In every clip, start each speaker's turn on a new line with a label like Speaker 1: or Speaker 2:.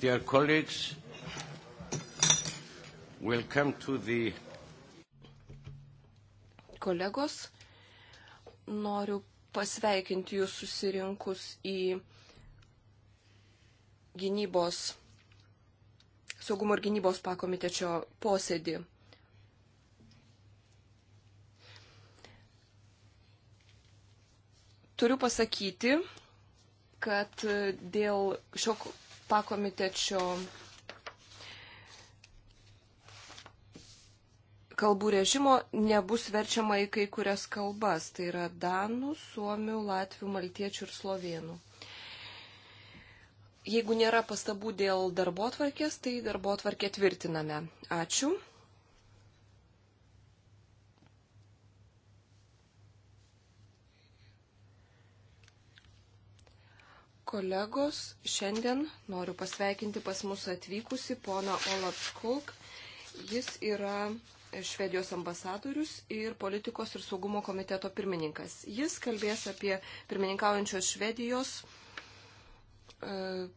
Speaker 1: Dear colleagues, welcome to the.
Speaker 2: Kolegos, noriu pasveikinti jūs susirinkus į gynybos, saugumo ir gynybos pakomitečio posėdį. Turiu pasakyti, kad dėl šio pakomitečio kalbų režimo nebus verčiama į kai kurias kalbas. Tai yra danų, suomių, latvių, maltiečių ir slovėnų. Jeigu nėra pastabų dėl darbo tvarkės, tai darbo tvarkė tvirtiname. Ačiū. kolegos, šiandien noriu pasveikinti pas mus atvykusi poną Olaf Skulk. Jis yra Švedijos ambasadorius ir politikos ir saugumo komiteto pirmininkas. Jis kalbės apie pirmininkaujančios Švedijos e,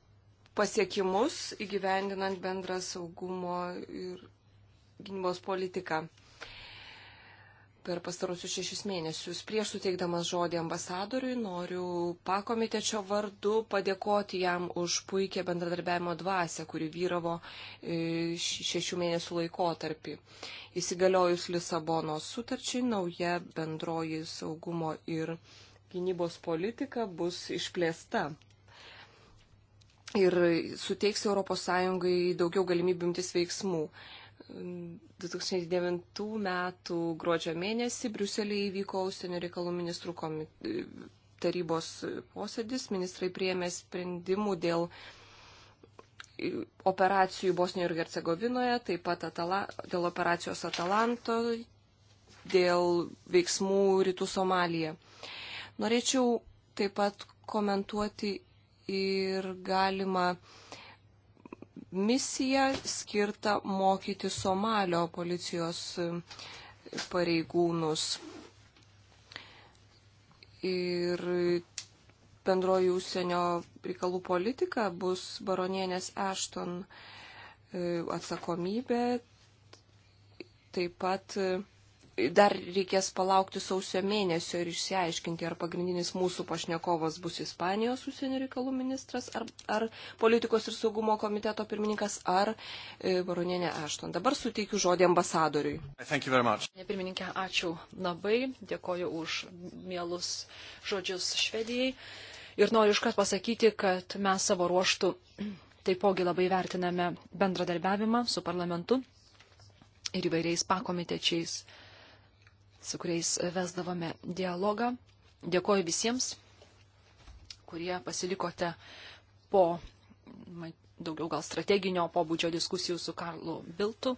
Speaker 2: pasiekimus įgyvendinant bendrą saugumo ir gynybos politiką per pastarosius šešis mėnesius. Prieš suteikdamas žodį ambasadoriui noriu pakomitečio vardu padėkoti jam už puikią bendradarbiavimo dvasę, kuri vyravo e, šešių mėnesių laikotarpį. Įsigaliojus Lisabonos sutarčiai, nauja bendroji saugumo ir gynybos politika bus išplėsta ir suteiks ES daugiau galimybių imtis veiksmų. 2009 metų gruodžio mėnesį Briuselėje įvyko užsienio reikalų ministrų tarybos posėdis. Ministrai priėmė sprendimų dėl operacijų Bosnijoje ir Hercegovinoje, taip pat atala, dėl operacijos Atalanto, dėl veiksmų Rytų Somalija. Norėčiau taip pat komentuoti ir galima uh, misiją skirtą mokyti Somalio policijos e, pareigūnus. Ir bendroji užsienio reikalų politika bus baronienės Ešton e, atsakomybė. Taip pat e, dar reikės palaukti sausio mėnesio ir išsiaiškinti, ar pagrindinis mūsų pašnekovas bus Ispanijos užsienio reikalų ministras, ar, ar politikos ir saugumo komiteto pirmininkas, ar e, baronienė Ašton. Dabar suteikiu žodį ambasadoriui.
Speaker 1: Pirmininkė,
Speaker 2: ačiū
Speaker 3: labai, dėkoju už mielus žodžius Švedijai. Ir noriu iškart pasakyti, kad mes savo ruoštų taipogi labai vertiname bendradarbiavimą su parlamentu ir įvairiais pakomitečiais su kuriais vesdavome dialogą. Dėkoju visiems, kurie pasilikote po daugiau gal strateginio pobūdžio diskusijų su Karlu Biltu.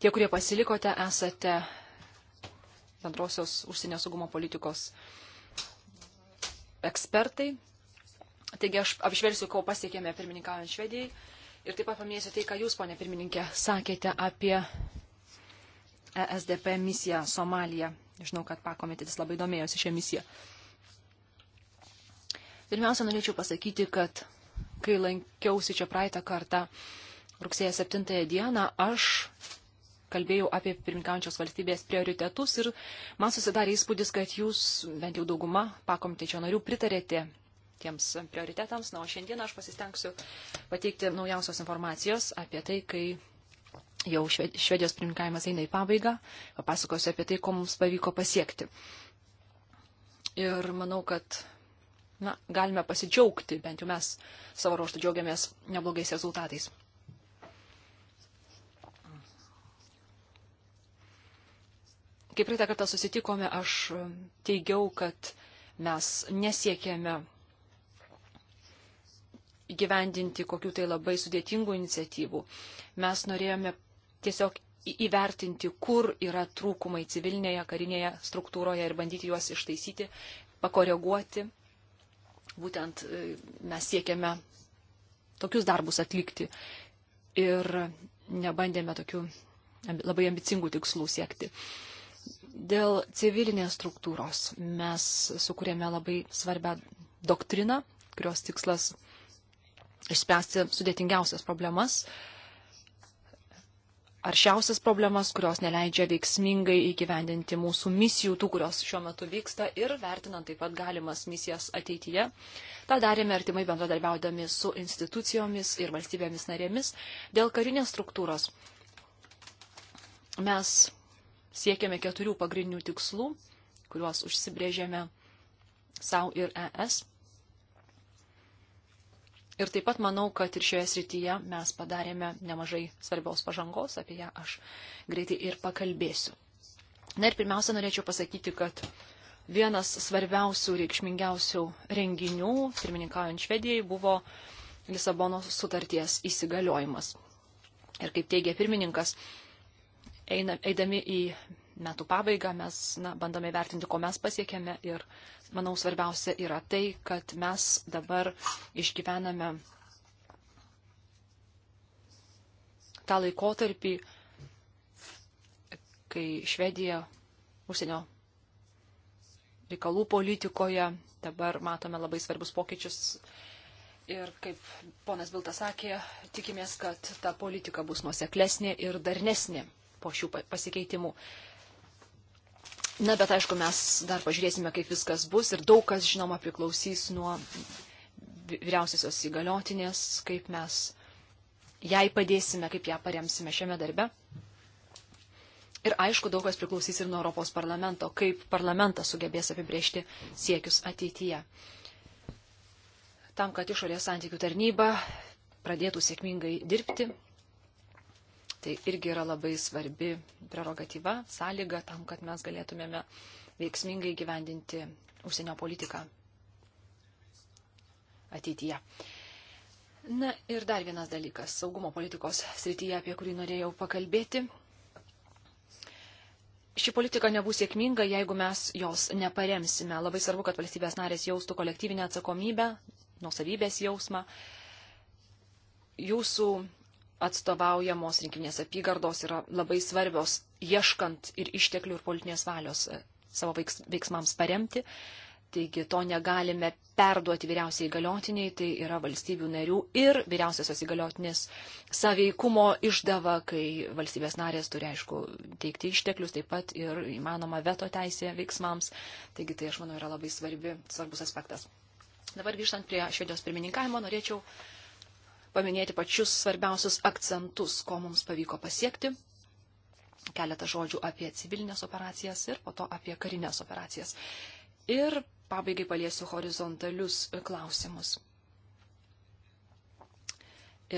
Speaker 3: Tie, kurie pasilikote, esate bendrosios užsienio saugumo politikos ekspertai. Taigi aš apžvelgsiu, ko pasiekėme pirmininkaujant Švedijai ir taip pat paminėsiu tai, ką jūs, ponė pirmininkė, sakėte apie ESDP misiją Somalija. Žinau, kad pakomitetis labai domėjosi šią misiją. Pirmiausia, norėčiau pasakyti, kad kai lankiausi čia praeitą kartą rugsėje 7 dieną, aš kalbėjau apie pirmininkančios valstybės prioritetus ir man susidarė įspūdis, kad jūs, bent jau dauguma pakomitečio narių, pritarėte tiems prioritetams. Na, o šiandien aš pasistengsiu pateikti naujausios informacijos apie tai, kai Jau Švedijos pirmininkavimas eina į pabaigą, papasakosiu apie tai, ko mums pavyko pasiekti. Ir manau, kad na, galime pasidžiaugti, bent jau mes savo ruoštų džiaugiamės neblogais rezultatais. Kai praeitą kartą susitikome, aš teigiau, kad mes nesiekėme gyvendinti kokių tai labai sudėtingų iniciatyvų. Mes norėjome tiesiog įvertinti, kur yra trūkumai civilinėje, karinėje struktūroje ir bandyti juos ištaisyti, pakoreguoti. Būtent e, mes siekiame tokius darbus atlikti ir nebandėme tokių labai ambicingų tikslų siekti. Dėl civilinės struktūros mes sukūrėme labai svarbę doktriną, kurios tikslas išspręsti sudėtingiausias problemas, uh, aršiausias problemas, kurios neleidžia veiksmingai įgyvendinti mūsų misijų, tų, kurios šiuo metu vyksta ir vertinant taip pat galimas misijas ateityje. Ta darėme artimai bendradarbiaudami su institucijomis ir valstybėmis narėmis dėl karinės struktūros. Mes siekėme keturių pagrindinių tikslų, kuriuos užsibrėžėme savo ir ES. Ir taip pat manau, kad ir šioje srityje mes padarėme nemažai svarbiaus pažangos, apie ją aš greitai ir pakalbėsiu. Na ir pirmiausia, norėčiau pasakyti, kad vienas svarbiausių, reikšmingiausių renginių, pirmininkaujant Švedijai, buvo Lisabonos sutarties įsigaliojimas. Ir kaip teigia pirmininkas, eina, eidami į metų pabaigą mes na, bandome vertinti, ko mes pasiekėme ir manau, svarbiausia yra tai, kad mes dabar išgyvename tą laikotarpį, kai Švedija užsienio reikalų politikoje dabar matome labai svarbus pokyčius. Ir kaip ponas Viltas sakė, tikimės, kad ta politika bus nuoseklesnė ir darnesnė po šių pasikeitimų. Na, bet aišku, mes dar pažiūrėsime, kaip viskas bus ir daug kas, žinoma, priklausys nuo vyriausiosios įgaliotinės, kaip mes jai padėsime, kaip ją paremsime šiame darbe. Ir aišku, daug kas priklausys ir nuo Europos parlamento, kaip parlamentas sugebės apibriežti siekius ateityje. Tam, kad išorės santykių tarnyba pradėtų sėkmingai dirbti, Tai irgi yra labai svarbi prerogatyva, sąlyga tam, kad mes galėtumėme veiksmingai gyvendinti užsienio politiką ateityje. Na ir dar vienas dalykas - saugumo politikos srityje, apie kurį norėjau pakalbėti. Ši politika nebus sėkminga, jeigu mes jos neparemsime. Labai svarbu, kad valstybės narės jaustų kolektyvinę atsakomybę, nusavybės jausmą. Jūsų atstovaujamos rinkiminės apygardos yra labai svarbios, ieškant ir išteklių ir politinės valios e, savo veiksmams paremti. Taigi to negalime perduoti vyriausiai įgaliotiniai, tai yra valstybių narių ir vyriausiosios įgaliotinės saveikumo išdava, kai valstybės narės turi, aišku, teikti išteklius, taip pat ir įmanoma veto teisė veiksmams. Taigi tai, aš manau, yra labai svarbi, svarbus aspektas. Dabar grįžtant prie švedijos pirmininkavimo, norėčiau uh, paminėti pačius svarbiausius akcentus, ko mums pavyko pasiekti. Keletą žodžių apie civilinės operacijas ir po to apie karinės operacijas. Ir pabaigai paliesiu horizontalius klausimus.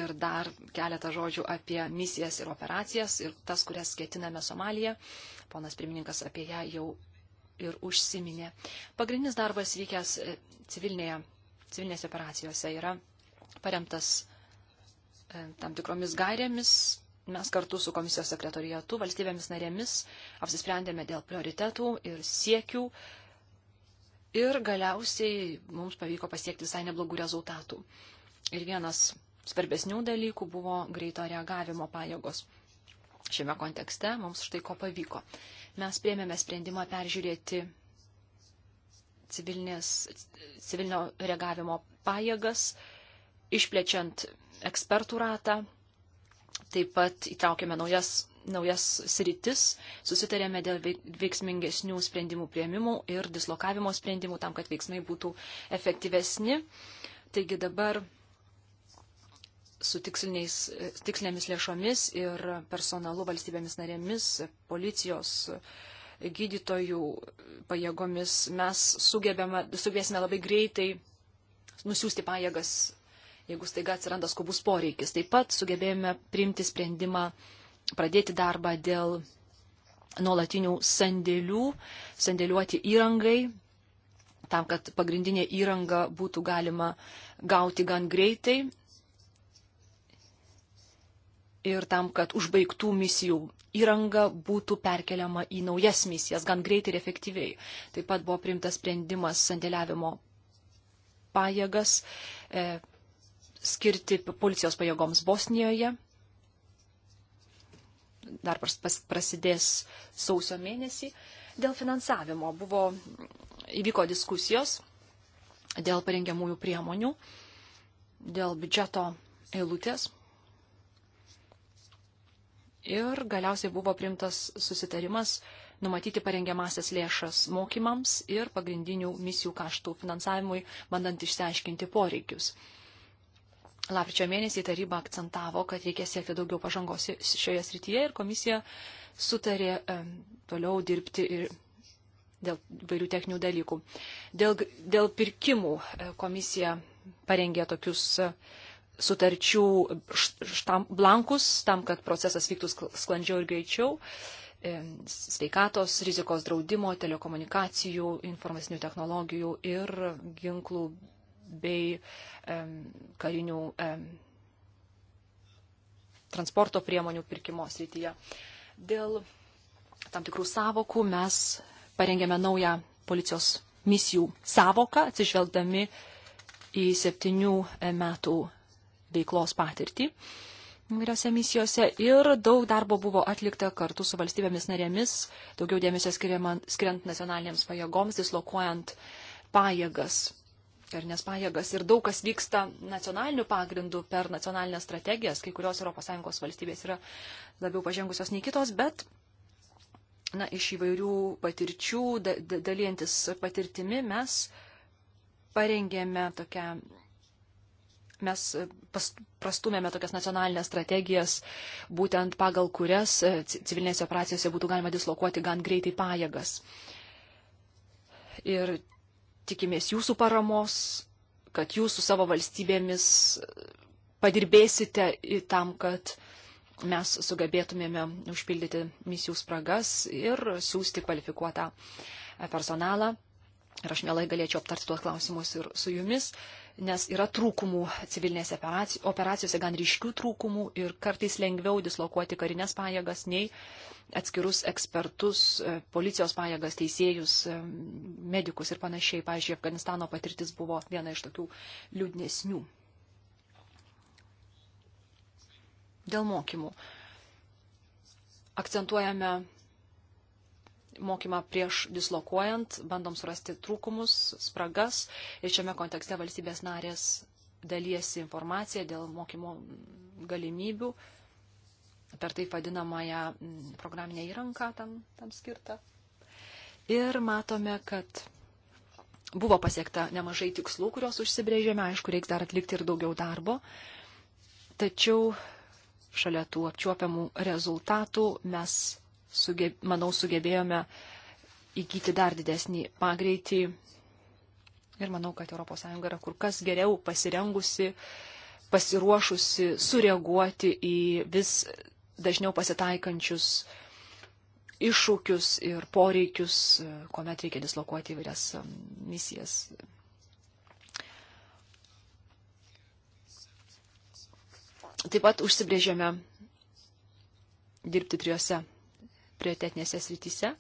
Speaker 3: Ir dar keletą žodžių apie misijas ir operacijas ir tas, kurias ketiname Somalija. Ponas pirmininkas apie ją jau ir užsiminė. Pagrindinis darbas vykęs civilinėje, civilinėse operacijose yra paremtas tam tikromis gairėmis mes kartu su komisijos sekretorijatu, valstybėmis narėmis apsisprendėme dėl prioritetų ir siekių ir galiausiai mums pavyko pasiekti visai neblogų rezultatų. Ir vienas svarbesnių dalykų buvo greito reagavimo pajėgos. Šiame kontekste mums štai ko pavyko. Mes priemėme sprendimą peržiūrėti civilinės, civilinio reagavimo pajėgas, išplečiant ekspertų ratą, taip pat įtraukėme naujas, naujas sritis, susitarėme dėl veiksmingesnių sprendimų prieimimų ir dislokavimo sprendimų tam, kad veiksmai būtų efektyvesni. Taigi dabar su tikslinėmis lėšomis ir personalu valstybėmis narėmis, policijos, gydytojų pajėgomis mes sugebėsime labai greitai nusiųsti pajėgas jeigu staiga atsiranda skubus poreikis. Taip pat sugebėjome priimti sprendimą pradėti darbą dėl nuolatinių sandėlių, sandėliuoti įrangai, tam, kad pagrindinė įranga būtų galima gauti gan greitai ir tam, kad užbaigtų misijų įranga būtų perkeliama į naujas misijas gan greitai ir efektyviai. Taip pat buvo priimtas sprendimas sandėliavimo pajėgas e, skirti policijos pajėgoms Bosnijoje. Dar prasidės sausio mėnesį. Dėl finansavimo buvo, įvyko diskusijos dėl parengiamųjų priemonių, dėl biudžeto eilutės. Ir galiausiai buvo primtas susitarimas numatyti parengiamasias lėšas mokymams ir pagrindinių misijų kaštų finansavimui, bandant išsiaiškinti poreikius. Lapkričio mėnesį taryba akcentavo, kad reikia siekti daugiau pažangos šioje srityje ir komisija sutarė toliau dirbti ir dėl vairių techninių dalykų. Dėl, dėl pirkimų e, komisija parengė tokius e, sutarčių štam, blankus tam, kad procesas vyktų sklandžiau ir greičiau e, sveikatos, rizikos draudimo, telekomunikacijų, informacinių technologijų ir ginklų bei karinių transporto priemonių pirkimo srityje. Dėl tam tikrų savokų mes parengėme naują policijos misijų savoką, atsižvelgdami į septynių e, metų veiklos patirtį įvairiose misijose ir daug darbo buvo atlikta kartu su valstybėmis narėmis, daugiau dėmesio skiriant nacionalinėms pajėgoms, dislokuojant pajėgas karinės pajėgas ir daug kas vyksta nacionaliniu pagrindu per nacionalinės strategijas, kai kurios ES valstybės yra labiau pažengusios nei kitos, bet na, iš įvairių patirčių, da, da, dalyjantis patirtimi, mes parengėme tokią, mes pas, prastumėme tokias nacionalinės strategijas, būtent pagal kurias e, civilinėse operacijose būtų galima dislokuoti gan greitai pajėgas. Ir tikimės jūsų paramos, kad jūs su savo valstybėmis padirbėsite tam, kad mes sugebėtumėme užpildyti misijų spragas ir siūsti kvalifikuotą personalą. Ir aš mielai galėčiau aptarti tuos klausimus ir su jumis nes yra trūkumų civilinėse operacijose, gan ryškių trūkumų ir kartais lengviau dislokuoti karinės pajėgas nei atskirus ekspertus, e, policijos pajėgas, teisėjus, e, medikus ir panašiai. Pavyzdžiui, Afganistano patirtis buvo viena iš tokių liūdnesnių. Dėl mokymų. Akcentuojame mokymą prieš dislokuojant, bandom surasti trūkumus, spragas ir šiame kontekste valstybės narės dalyjasi informacija dėl mokymo galimybių per taip vadinamąją mm, programinę įranką tam, tam skirtą. Ir matome, kad buvo pasiekta nemažai tikslų, kuriuos užsibrėžėme, aišku, reiks dar atlikti ir daugiau darbo, tačiau šalia tų apčiuopiamų rezultatų mes suge, manau, sugebėjome įgyti dar didesnį pagreitį. Ir manau, kad ES yra kur kas geriau pasirengusi, pasiruošusi sureaguoti į vis dažniau pasitaikančius iššūkius ir poreikius, kuomet reikia dislokuoti įvairias um, misijas taip pat užsibrėžėme dirbti trijose prioritetinėse srityse.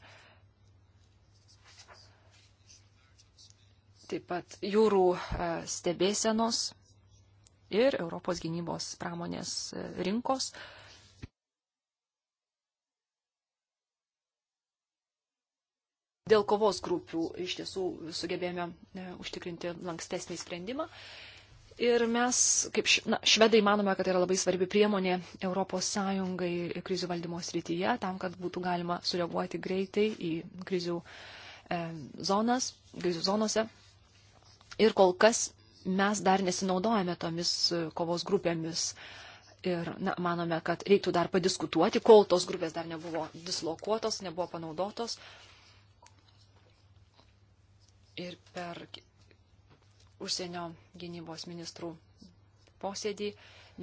Speaker 3: Taip pat jūrų e, stebėsenos ir Europos gynybos pramonės e, rinkos. Dėl kovos grupių iš tiesų sugebėjome e, užtikrinti lankstesnį sprendimą. Ir mes, kaip na, švedai, manome, kad tai yra labai svarbi priemonė ES krizių valdymo srityje, tam, kad būtų galima sureaguoti greitai į krizių e, zonas, krizių zonose. Ir kol kas mes dar nesinaudojame tomis e, kovos grupėmis. Ir na, manome, kad reiktų dar padiskutuoti, kol tos grupės dar nebuvo dislokuotos, nebuvo panaudotos. Ir per užsienio gynybos ministrų posėdį.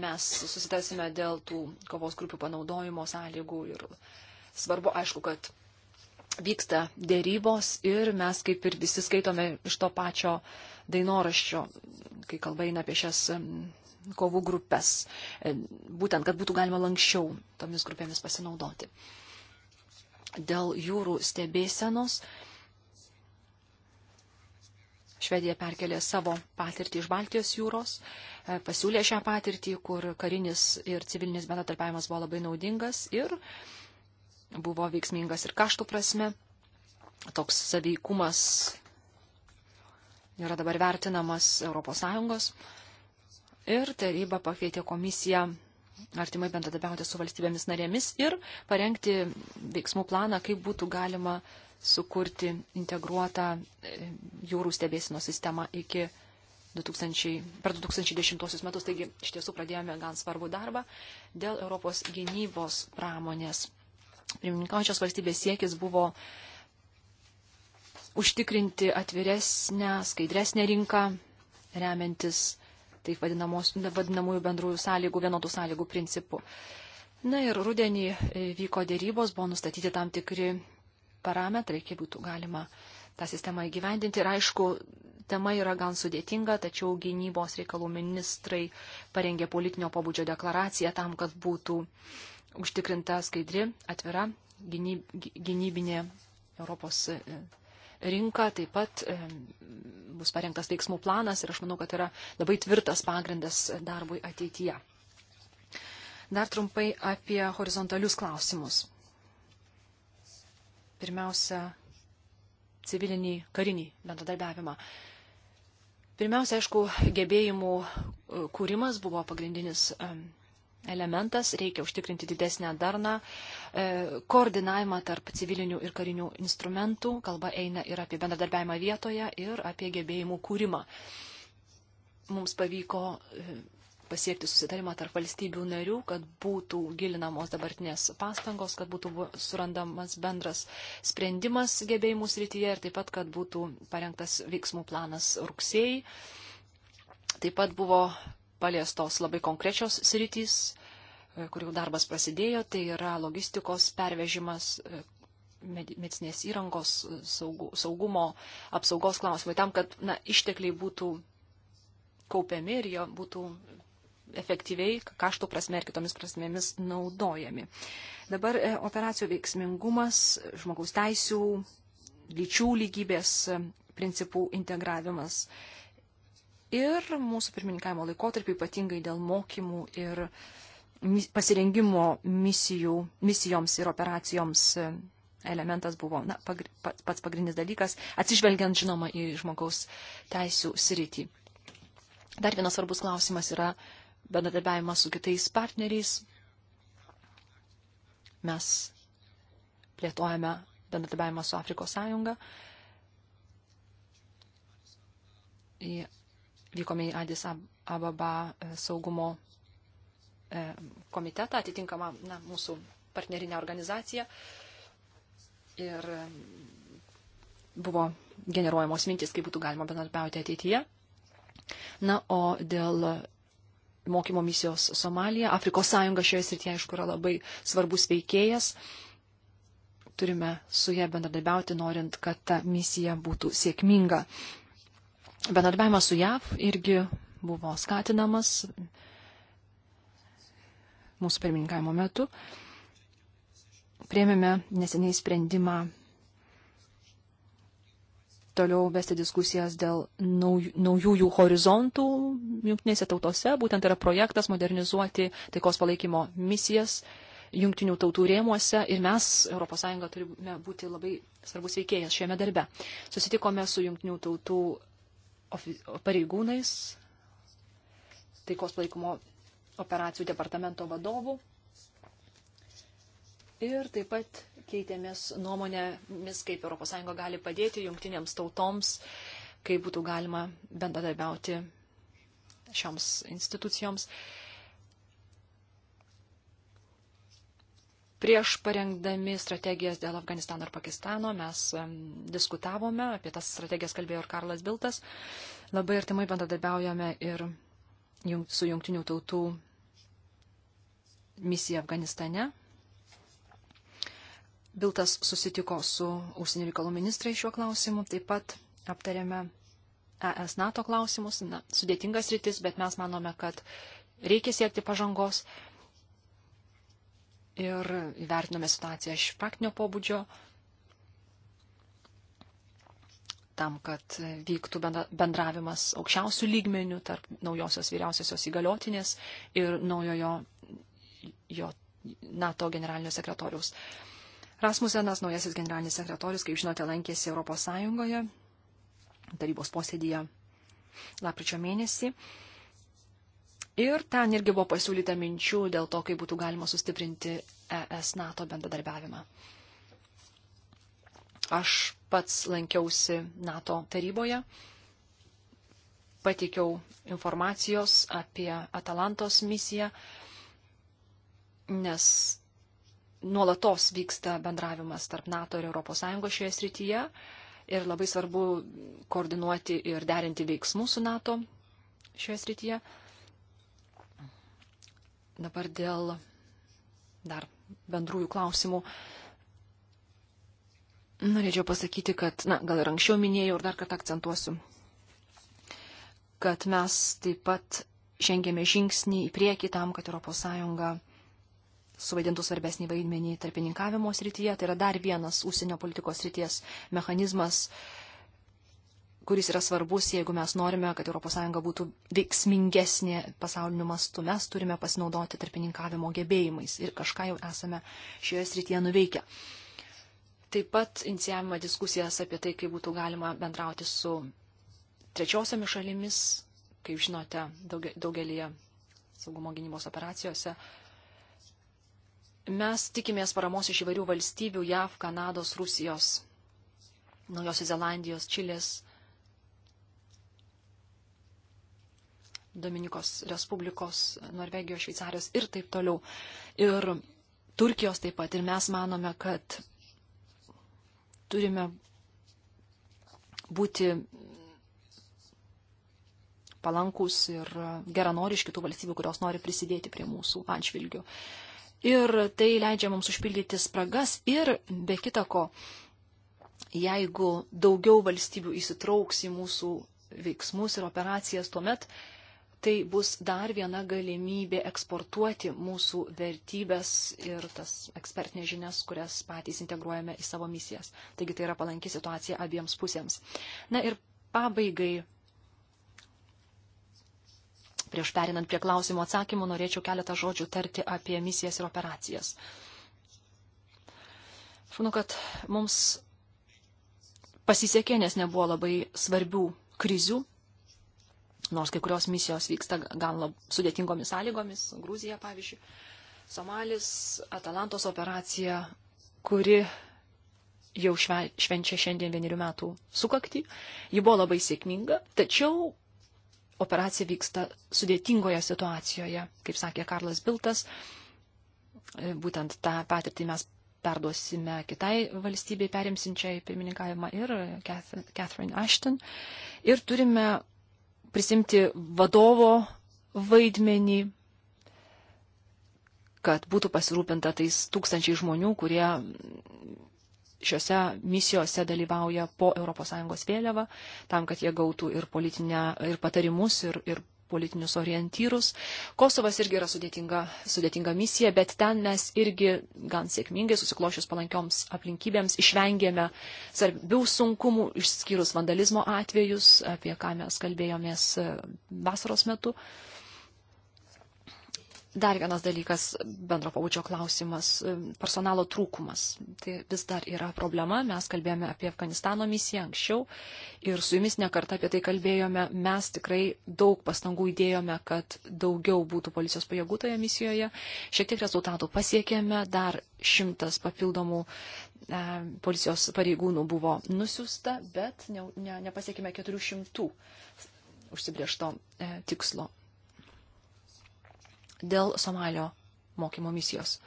Speaker 3: Mes susitarsime dėl tų kovos grupių panaudojimo sąlygų ir svarbu, aišku, kad vyksta dėrybos ir mes kaip ir visi skaitome iš to pačio dainoraščio, kai kalba eina apie šias kovų grupės, e, būtent, kad būtų galima lankščiau tomis grupėmis pasinaudoti. Dėl jūrų stebėsenos Švedija perkelė savo patirtį iš Baltijos jūros, e, pasiūlė šią patirtį, kur karinis ir civilinis bendratarpiavimas buvo labai naudingas ir buvo veiksmingas ir kaštų prasme. Toks saveikumas yra dabar vertinamas ES. Ir taryba pakvietė komisiją artimai bendradabiauti su valstybėmis narėmis ir parengti veiksmų planą, kaip būtų galima sukurti integruotą e, jūrų stebėsino sistemą iki 2000, per 2010 metus. Taigi iš tiesų pradėjome gan svarbų darbą dėl Europos gynybos pramonės. Pirmininkaujančios valstybės siekis buvo užtikrinti atviresnę, skaidresnę rinką, remiantis taip vadinamųjų bendrųjų sąlygų, vienodų sąlygų principų. Na ir rudenį e, vyko dėrybos, buvo nustatyti tam tikri parametrai, kaip būtų galima tą sistemą įgyvendinti. Ir aišku, tema yra gan sudėtinga, tačiau gynybos reikalų ministrai parengė politinio pabudžio deklaraciją tam, kad būtų užtikrinta skaidri, atvira gynyb, gynybinė Europos e, rinką, taip pat bus parengtas veiksmų planas ir aš manau, kad yra labai tvirtas pagrindas darbui ateityje. Dar trumpai apie horizontalius klausimus. Pirmiausia, civilinį karinį bendradarbiavimą. Pirmiausia, aišku, gebėjimų e, kūrimas buvo pagrindinis elementas, reikia užtikrinti didesnę darną, e, koordinavimą tarp civilinių ir karinių instrumentų, kalba eina ir apie bendradarbiavimą vietoje, ir apie gebėjimų kūrimą. Mums pavyko e, pasiekti susitarimą tarp valstybių narių, kad būtų gilinamos dabartinės pastangos, kad būtų surandamas bendras sprendimas gebėjimų srityje ir taip pat, kad būtų parengtas veiksmų planas rugsėjai. Taip pat buvo paliestos labai konkrečios sritys, e, kurių darbas prasidėjo, tai yra logistikos pervežimas, e, medicinės įrangos, e, saugumo, apsaugos klausimai, tam, kad na, ištekliai būtų kaupiami ir jie būtų efektyviai kaštų prasme ir kitomis prasmėmis naudojami. Dabar operacijų veiksmingumas, žmogaus teisų, lyčių lygybės principų integravimas ir mūsų pirmininkavimo laikotarpį ypatingai dėl mokymų ir pasirengimo misijų, misijoms ir operacijoms e, elementas buvo na, pagri, pats pagrindinis dalykas, atsižvelgiant žinoma į žmogaus teisų sritį. Dar vienas svarbus klausimas yra bendradarbiavimas su kitais partneriais. Mes plėtojame bendradarbiavimą su Afrikos sąjunga. Į vykome į Adis Ababa e, saugumo e, komitetą, atitinkamą na, mūsų partnerinę organizaciją. Ir e, buvo generuojamos mintis, kaip būtų galima bendradarbiauti ateityje. Na, o dėl mokymo misijos Somalija, Afrikos sąjunga šioje srityje, aišku, yra labai svarbus veikėjas. Turime su ją bendradarbiauti, norint, kad ta misija būtų sėkminga. Bendarbiavimas su JAV irgi buvo skatinamas mūsų pirmininkavimo metu. Priemėme neseniai sprendimą toliau vesti diskusijas dėl naujųjų horizontų jungtinėse tautose. Būtent yra projektas modernizuoti taikos palaikymo misijas jungtinių tautų rėmuose ir mes, ES, turime būti labai svarbus veikėjas šiame darbe. Susitikome su jungtinių tautų pareigūnais, taikos laikumo operacijų departamento vadovų. Ir taip pat keitėmės nuomonėmis, kaip ES gali padėti jungtinėms tautoms, kaip būtų galima bendradarbiauti šioms institucijoms. Uh, Prieš parengdami strategijas dėl Afganistano ir Pakistano mes diskutavome, apie tas strategijas kalbėjo ir Karlas Biltas. Labai artimai bendradarbiaujame ir su jungtinių tautų misija Afganistane. Biltas susitiko su užsienio reikalų ministrai šiuo klausimu, taip pat aptarėme ES NATO klausimus, na, sudėtingas rytis, bet mes manome, kad reikia siekti pažangos ir įvertinome situaciją iš praktinio pobūdžio, tam, kad vyktų bendravimas aukščiausių lygmenių tarp naujosios vyriausiosios įgaliotinės ir naujojo jo NATO generalinio sekretoriaus. Rasmusenas, naujasis generalinis sekretorius, kaip žinote, lankėsi Europos Sąjungoje tarybos posėdėje lapkričio mėnesį. Ir ten irgi buvo pasiūlyta minčių dėl to, kaip būtų galima sustiprinti ES NATO bendradarbiavimą. Aš pats lankiausi NATO taryboje, pateikiau informacijos apie Atalantos misiją, nes nuolatos vyksta bendravimas tarp NATO ir ES šioje srityje ir labai svarbu koordinuoti ir derinti veiksmus su NATO šioje srityje. Dabar dėl dar bendrųjų klausimų. Norėčiau pasakyti, kad, na, gal ir anksčiau minėjau ir dar kartą akcentuosiu, kad mes taip pat žengėme žingsnį į priekį tam, kad ES suvaidintų svarbesnį vaidmenį tarpininkavimo srityje. Tai yra dar vienas ūsienio politikos srities mechanizmas, uh, kuris yra svarbus, jeigu mes norime, kad ES būtų veiksmingesnė pasauliniu mastu, mes turime pasinaudoti tarpininkavimo gebėjimais ir kažką jau esame šioje srityje nuveikę. Taip pat inicijavimo diskusijas apie tai, kaip būtų galima bendrauti su trečiosiamis šalimis, kaip žinote, daugelį saugumo gynybos operacijose. Mes tikimės paramos iš įvairių valstybių - JAV, Kanados, Rusijos, Naujosios Zelandijos, Čilės, Dominikos Respublikos, Norvegijos, Šveicarijos ir taip toliau. Ir Turkijos taip pat. Ir mes manome, kad turime būti palankus ir geranoriški tų valstybių, kurios nori prisidėti prie mūsų atšvilgių. Ir tai leidžia mums užpildyti spragas ir be kitako, jeigu daugiau valstybių įsitrauks į mūsų veiksmus ir operacijas, tuomet uh, tai bus dar viena galimybė eksportuoti mūsų vertybės ir tas ekspertinės žinias, kurias patys integruojame į savo misijas. Taigi tai yra palanki situacija abiems pusėms. Na ir pabaigai Prieš perinant prie klausimų atsakymų, norėčiau keletą žodžių tarti apie misijas ir operacijas. Aš manau, kad mums pasisekė, nes nebuvo labai svarbių krizių nors kai kurios misijos vyksta gan lab, sudėtingomis sąlygomis, Gruzija pavyzdžiui. Somalis, Atalantos operacija, kuri jau švenčia šiandien vienerių metų sukakti, ji buvo labai sėkminga, tačiau operacija vyksta sudėtingoje situacijoje, kaip sakė Karlas Biltas, e, būtent tą patirtį mes perduosime kitai valstybei perimsinčiai pirmininkavimą ir Catherine Ashton. Ir turime prisimti vadovo vaidmenį, kad būtų pasirūpinta tais tūkstančiai žmonių, kurie šiuose misijose dalyvauja po ES vėliava, tam, kad jie gautų ir politinę, ir patarimus, ir, ir politinius orientyrus. Kosovas irgi yra sudėtinga, sudėtinga misija, bet ten mes irgi gan sėkmingai susiklošius palankioms aplinkybėms išvengėme svarbių sunkumų, išskyrus vandalizmo atvejus, apie ką mes kalbėjomės e, vasaros metu. Uh, Dar vienas dalykas, bendro pabučio klausimas, personalo trūkumas. Tai vis dar yra problema, mes kalbėjome apie Afganistano misiją anksčiau ir su jumis nekartą apie tai kalbėjome, mes tikrai daug pastangų įdėjome, kad daugiau būtų policijos pajėgų toje misijoje. Šiek tiek rezultatų pasiekėme, dar šimtas papildomų e, policijos pareigūnų buvo nusiusta, bet ne, ne, nepasiekėme 400 užsibriešto e, tikslo dėl Somalio mokymo misijos.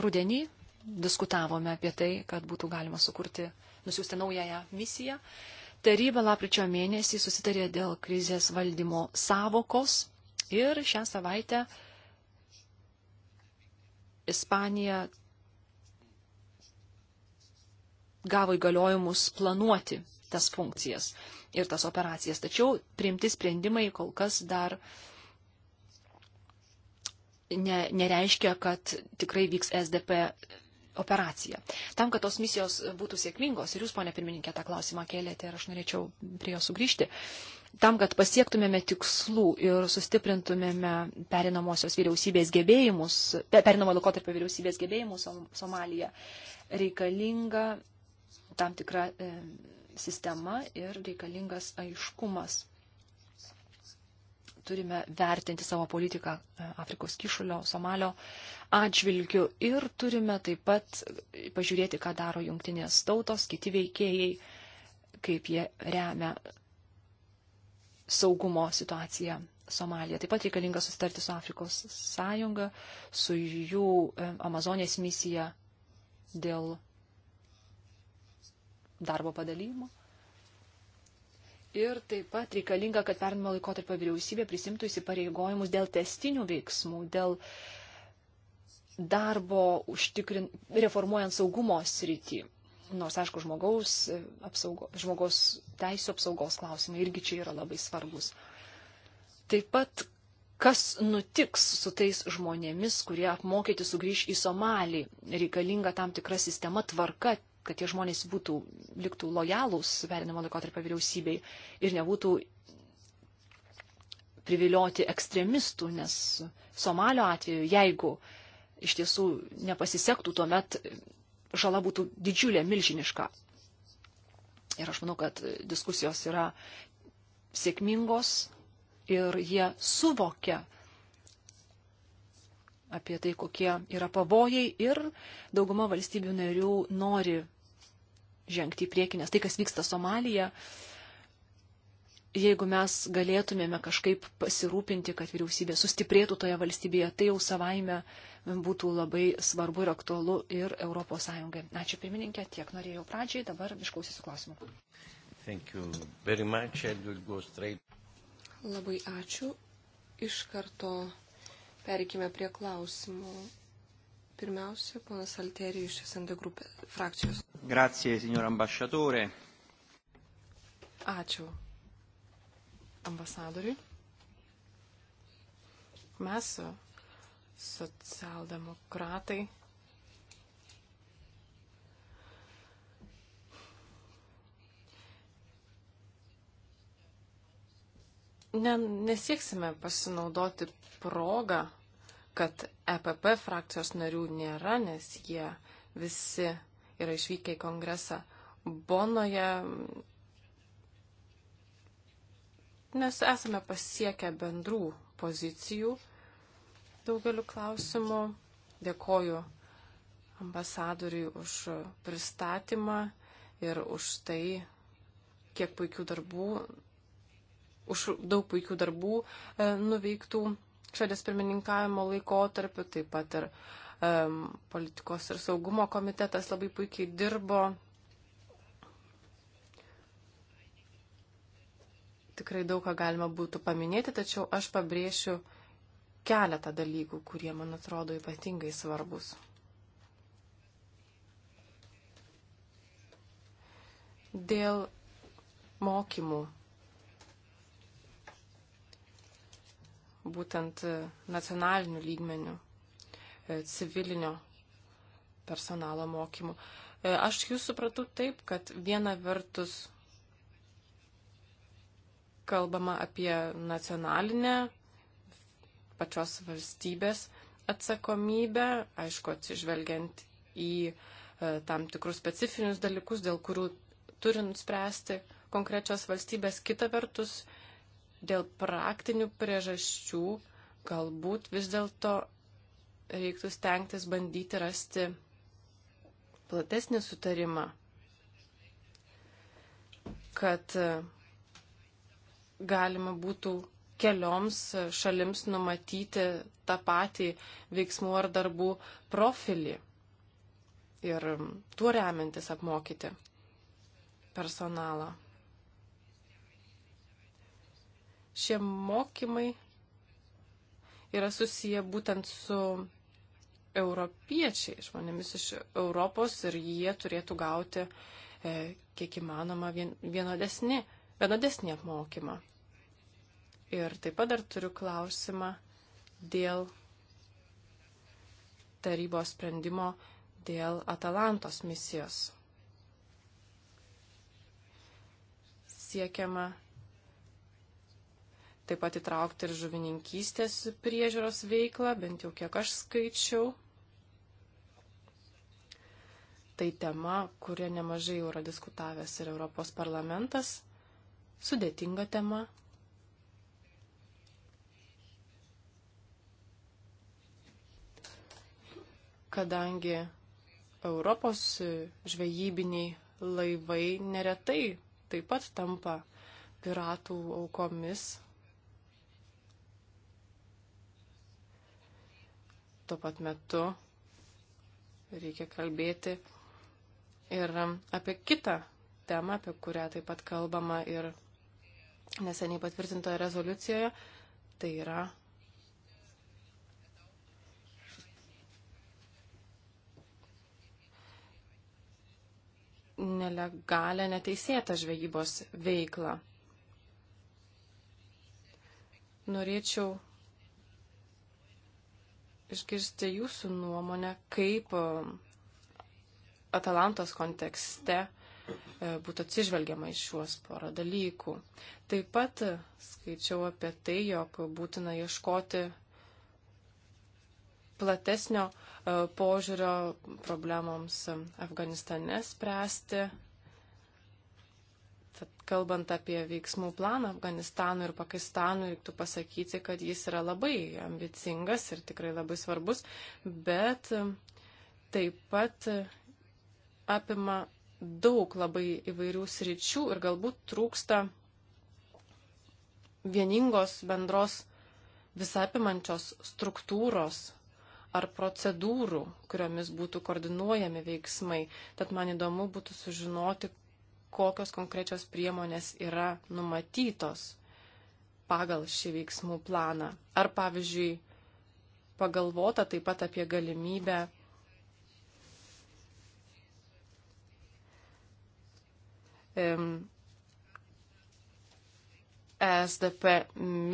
Speaker 3: Rudenį diskutavome apie tai, kad būtų galima sukurti, nusiųsti naująją misiją. Taryba lapkričio mėnesį susitarė dėl krizės valdymo savokos ir šią savaitę Ispanija gavo įgaliojimus planuoti tas funkcijas ir tas operacijas. Tačiau priimti sprendimai kol kas dar ne, nereiškia, kad tikrai vyks SDP operacija. Tam, kad tos misijos būtų sėkmingos, ir jūs, ponė pirmininkė, tą klausimą kėlėte ir aš norėčiau prie jo sugrįžti, tam, kad pasiektumėme tikslų ir sustiprintumėme perinamosios vyriausybės gebėjimus, perinamo laikotarpio vyriausybės gebėjimus Somalija, reikalinga tam tikra. E, sistema ir reikalingas aiškumas. Turime vertinti savo politiką e, Afrikos kišulio, Somalio atžvilgių ir turime taip pat pažiūrėti, ką daro jungtinės tautos, kiti veikėjai, kaip jie remia saugumo situaciją Somalija. Taip pat reikalinga susitarti su Afrikos sąjunga, su jų e, Amazonės misija dėl darbo padalymo. Ir taip pat reikalinga, kad pernimo laikotarpio vyriausybė prisimtų įsipareigojimus dėl testinių veiksmų, dėl darbo užtikrin, reformuojant saugumo srity. Nors, aišku, žmogaus, e, apsaugo, žmogaus teisų apsaugos klausimai irgi čia yra labai svarbus. Taip pat, kas nutiks su tais žmonėmis, kurie apmokyti sugrįž į Somalį, reikalinga tam tikra sistema tvarka kad tie žmonės būtų, liktų lojalūs perinamo laikotarpio vyriausybei ir nebūtų privilioti ekstremistų, nes Somalio atveju, jeigu iš tiesų nepasisektų, tuomet žala būtų didžiulė, milžiniška. Ir aš manau, kad diskusijos yra sėkmingos ir jie suvokia, apie tai, kokie yra pavojai ir dauguma valstybių narių nori žengti į priekį, nes tai, kas vyksta Somalija, jeigu mes galėtumėme kažkaip pasirūpinti, kad vyriausybė sustiprėtų toje valstybėje, tai jau savaime būtų labai svarbu ir aktualu ir ES. Ačiū pirmininkė, tiek norėjau pradžiai, dabar išklausysiu klausimų.
Speaker 2: Labai ačiū. Iš karto Perikime prie klausimų. Pirmiausia, ponas Alterijų iš SND grupė frakcijos.
Speaker 1: Grazie, signor ambasciatore. Ačiū ambasadoriui. Mes, socialdemokratai, ne, nesieksime pasinaudoti progą, kad EPP frakcijos narių nėra, nes jie visi yra išvykę į kongresą Bonoje. Nes esame pasiekę bendrų pozicijų daugeliu klausimų. Dėkoju ambasadoriui už pristatymą ir už tai, kiek puikių darbų už daug puikių darbų e, nuveiktų šalies pirmininkavimo laikotarpiu, taip pat ir um, e, politikos ir saugumo komitetas labai puikiai dirbo. Tikrai daug ką galima būtų paminėti, tačiau aš pabrėšiu keletą dalykų, kurie man atrodo ypatingai svarbus. Dėl mokymų būtent e, nacionaliniu lygmeniu e, civilinio personalo mokymų. E, aš jūs supratau taip, kad viena vertus kalbama apie nacionalinę pačios valstybės atsakomybę, aišku, atsižvelgiant į tam tikrus specifinius dalykus, dėl kurių turi nuspręsti konkrečios valstybės. Kita vertus, dėl praktinių priežasčių galbūt vis dėlto reiktų stengtis bandyti rasti platesnį sutarimą, kad e, galima būtų kelioms šalims numatyti tą patį veiksmų ar darbų profilį ir tuo remiantis apmokyti personalą. Šie mokymai yra susiję būtent su europiečiai, žmonėmis iš Europos ir jie turėtų gauti, e, kiek įmanoma, vien, vienodesnį, vienodesnį apmokymą. Ir taip pat dar turiu klausimą dėl tarybos sprendimo dėl Atalantos misijos. Siekiama taip pat įtraukti ir žuvininkystės priežiūros veiklą, bent jau kiek aš skaičiau. Tai tema, kurie nemažai jau yra diskutavęs ir Europos parlamentas. Sudėtinga tema. Kadangi Europos žvejybiniai laivai neretai taip pat tampa piratų aukomis tuo pat metu reikia kalbėti ir apie kitą temą, apie kurią taip pat kalbama ir neseniai patvirtintoje rezoliucijoje. Tai yra nelegalę, neteisėtą žvejybos veiklą. Norėčiau išgirsti jūsų nuomonę, kaip e, Atalantos kontekste e, būtų atsižvelgiama iš šiuos porą dalykų. Taip pat skaičiau apie tai, jog būtina ieškoti platesnio e, požiūrio problemoms Afganistane spręsti Tad kalbant apie veiksmų planą Afganistanui ir Pakistanui, reiktų pasakyti, kad jis yra labai ambicingas ir tikrai labai svarbus, bet e, taip pat e, apima daug labai įvairių sričių ir galbūt trūksta vieningos bendros visapimančios struktūros ar procedūrų, kuriomis būtų koordinuojami veiksmai. Tad man įdomu būtų sužinoti, kokios konkrečios priemonės yra numatytos pagal šį veiksmų planą. Ar pavyzdžiui, pagalvota taip pat apie galimybę ESDP e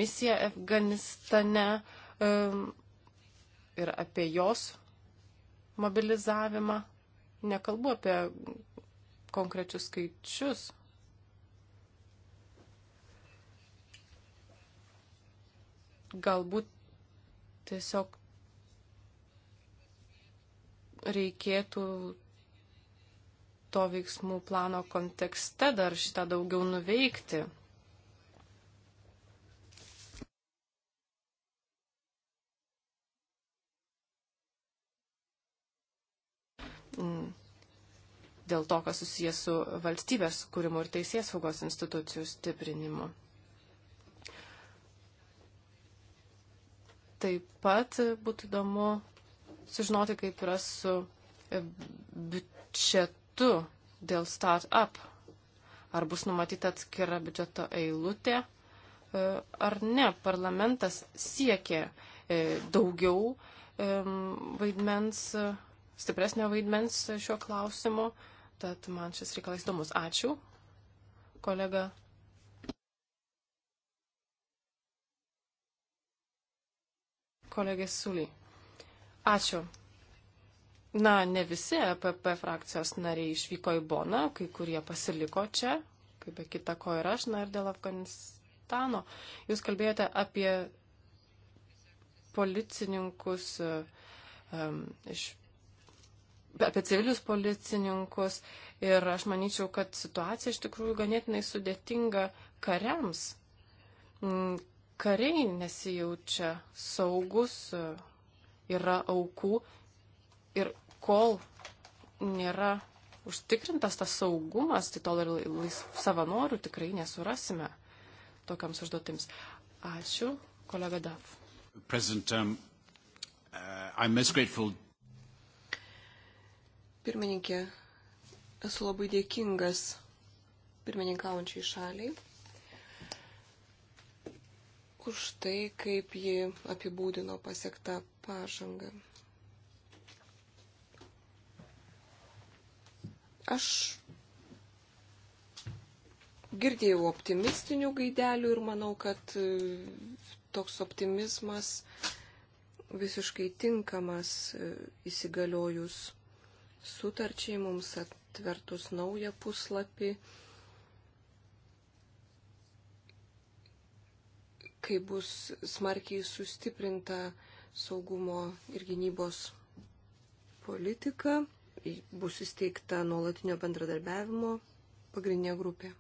Speaker 1: misiją Afganistane ir apie jos mobilizavimą. Nekalbu apie konkrečius skaičius. Galbūt tiesiog reikėtų to veiksmų plano kontekste dar šitą daugiau nuveikti. Mm dėl to, kas susijęs su valstybės kūrimu ir teisės saugos institucijų stiprinimu. Taip pat būtų įdomu sužinoti, kaip yra su e, biudžetu dėl start-up. Ar bus numatyta atskira biudžeto eilutė, e, ar ne. Parlamentas siekia e, daugiau vaidmens, stipresnio vaidmens šiuo klausimu. Tad man šis reikalas įdomus. Ačiū, kolega. Kolegė Suly. Ačiū. Na, ne visi EPP frakcijos nariai išvyko į Boną, kai kurie pasiliko čia, kaip be kita ko ir aš, na ir dėl Afganistano. Jūs kalbėjote apie policininkus um, iš apie civilius policininkus ir aš manyčiau, kad situacija iš tikrųjų ganėtinai sudėtinga kariams. Mm, kariai nesijaučia saugus, yra aukų ir kol nėra užtikrintas tas saugumas, tai tol ir savanorių tikrai nesurasime tokiams užduotims. Ačiū, kolega Daf. President, um, uh, I'm most grateful
Speaker 2: Pirmininkė, esu labai dėkingas pirmininkaujančiai šaliai už tai, kaip ji apibūdino pasiektą pažangą. Aš girdėjau optimistinių gaidelių ir manau, kad e, toks optimizmas visiškai tinkamas e, įsigaliojus sutarčiai, mums atvertus naują puslapį, kai bus smarkiai sustiprinta saugumo ir gynybos politika, bus įsteigta nuolatinio bendradarbiavimo pagrindinė grupė.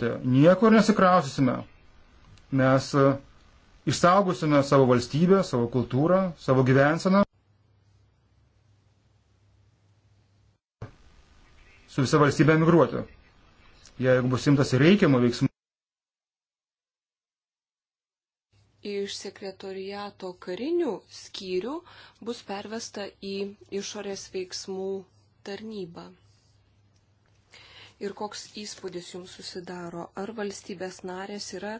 Speaker 1: Tai niekur nesikrausysime. Mes e, išsaugosime savo valstybę, savo kultūrą,
Speaker 3: savo gyvenseną. Su visa valstybė emigruoti. Jeigu bus imtas reikiamų veiksmų.
Speaker 2: Iš sekretoriato karinių skyrių bus pervesta į išorės veiksmų tarnybą ir koks įspūdis jums susidaro? Ar valstybės narės yra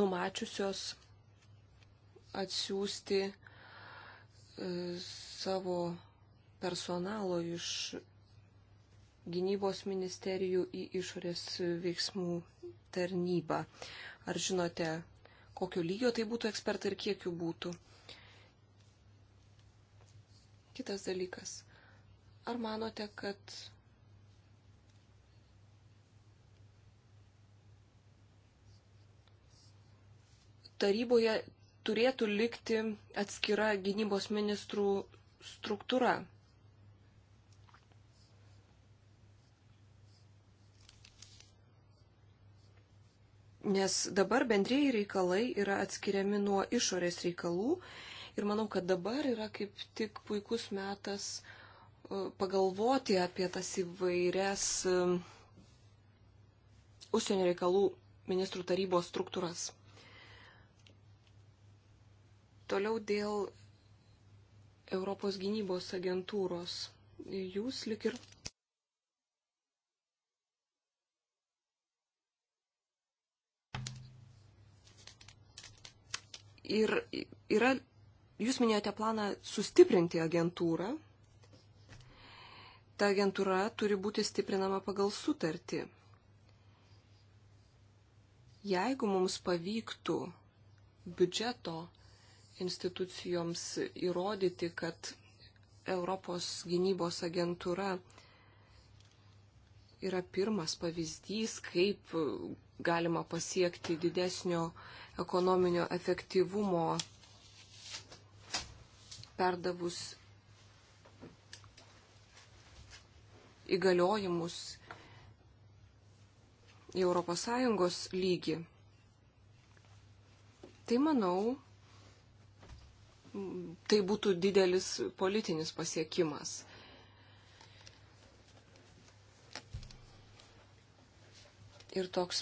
Speaker 2: numačiusios atsiųsti e, savo personalo iš gynybos ministerijų į išorės veiksmų tarnybą? Ar žinote, kokio lygio tai būtų ekspertai ir kiek jų būtų? Kitas dalykas. Ar manote, kad taryboje turėtų likti atskira gynybos ministrų struktūra. Nes dabar bendrėjai reikalai yra atskiriami nuo išorės reikalų ir manau, kad dabar yra kaip tik puikus metas e, pagalvoti apie tas įvairias e, užsienio reikalų ministrų tarybos struktūras. Toliau dėl Europos gynybos agentūros. Jūs lik ir ir yra, jūs minėjote planą sustiprinti agentūrą. Ta agentūra turi būti stiprinama pagal sutartį. Jeigu mums pavyktų biudžeto institucijoms įrodyti, kad Europos gynybos agentūra yra pirmas pavyzdys, kaip galima pasiekti didesnio ekonominio efektyvumo perdavus įgaliojimus į ES lygį. Tai manau, tai būtų didelis politinis pasiekimas. Ir toks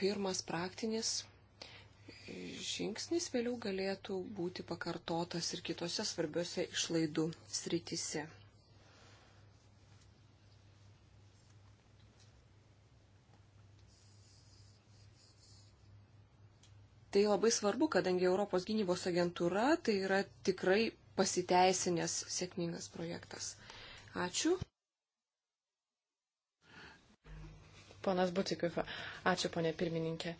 Speaker 2: pirmas praktinis žingsnis vėliau galėtų būti pakartotas ir kitose svarbiose išlaidų srityse. Tai labai svarbu, kadangi Europos gynybos agentūra tai yra tikrai pasiteisinęs sėkmingas projektas. Ačiū.
Speaker 1: Ponas Butikufa, ačiū ponė pirmininkė.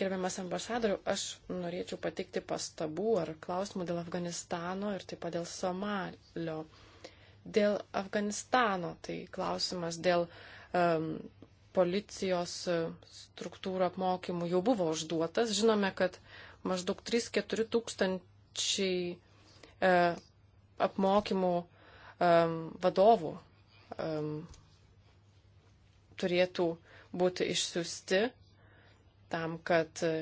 Speaker 1: Gerbiamas ambasadoriu, aš norėčiau patikti pastabų ar klausimų dėl Afganistano ir taip pat dėl Somalio. Dėl Afganistano, tai klausimas dėl um, policijos e, struktūrų apmokymų jau buvo užduotas. Žinome, kad maždaug 3-4 tūkstančiai e, apmokymų e, vadovų e, turėtų būti išsiusti tam, kad e,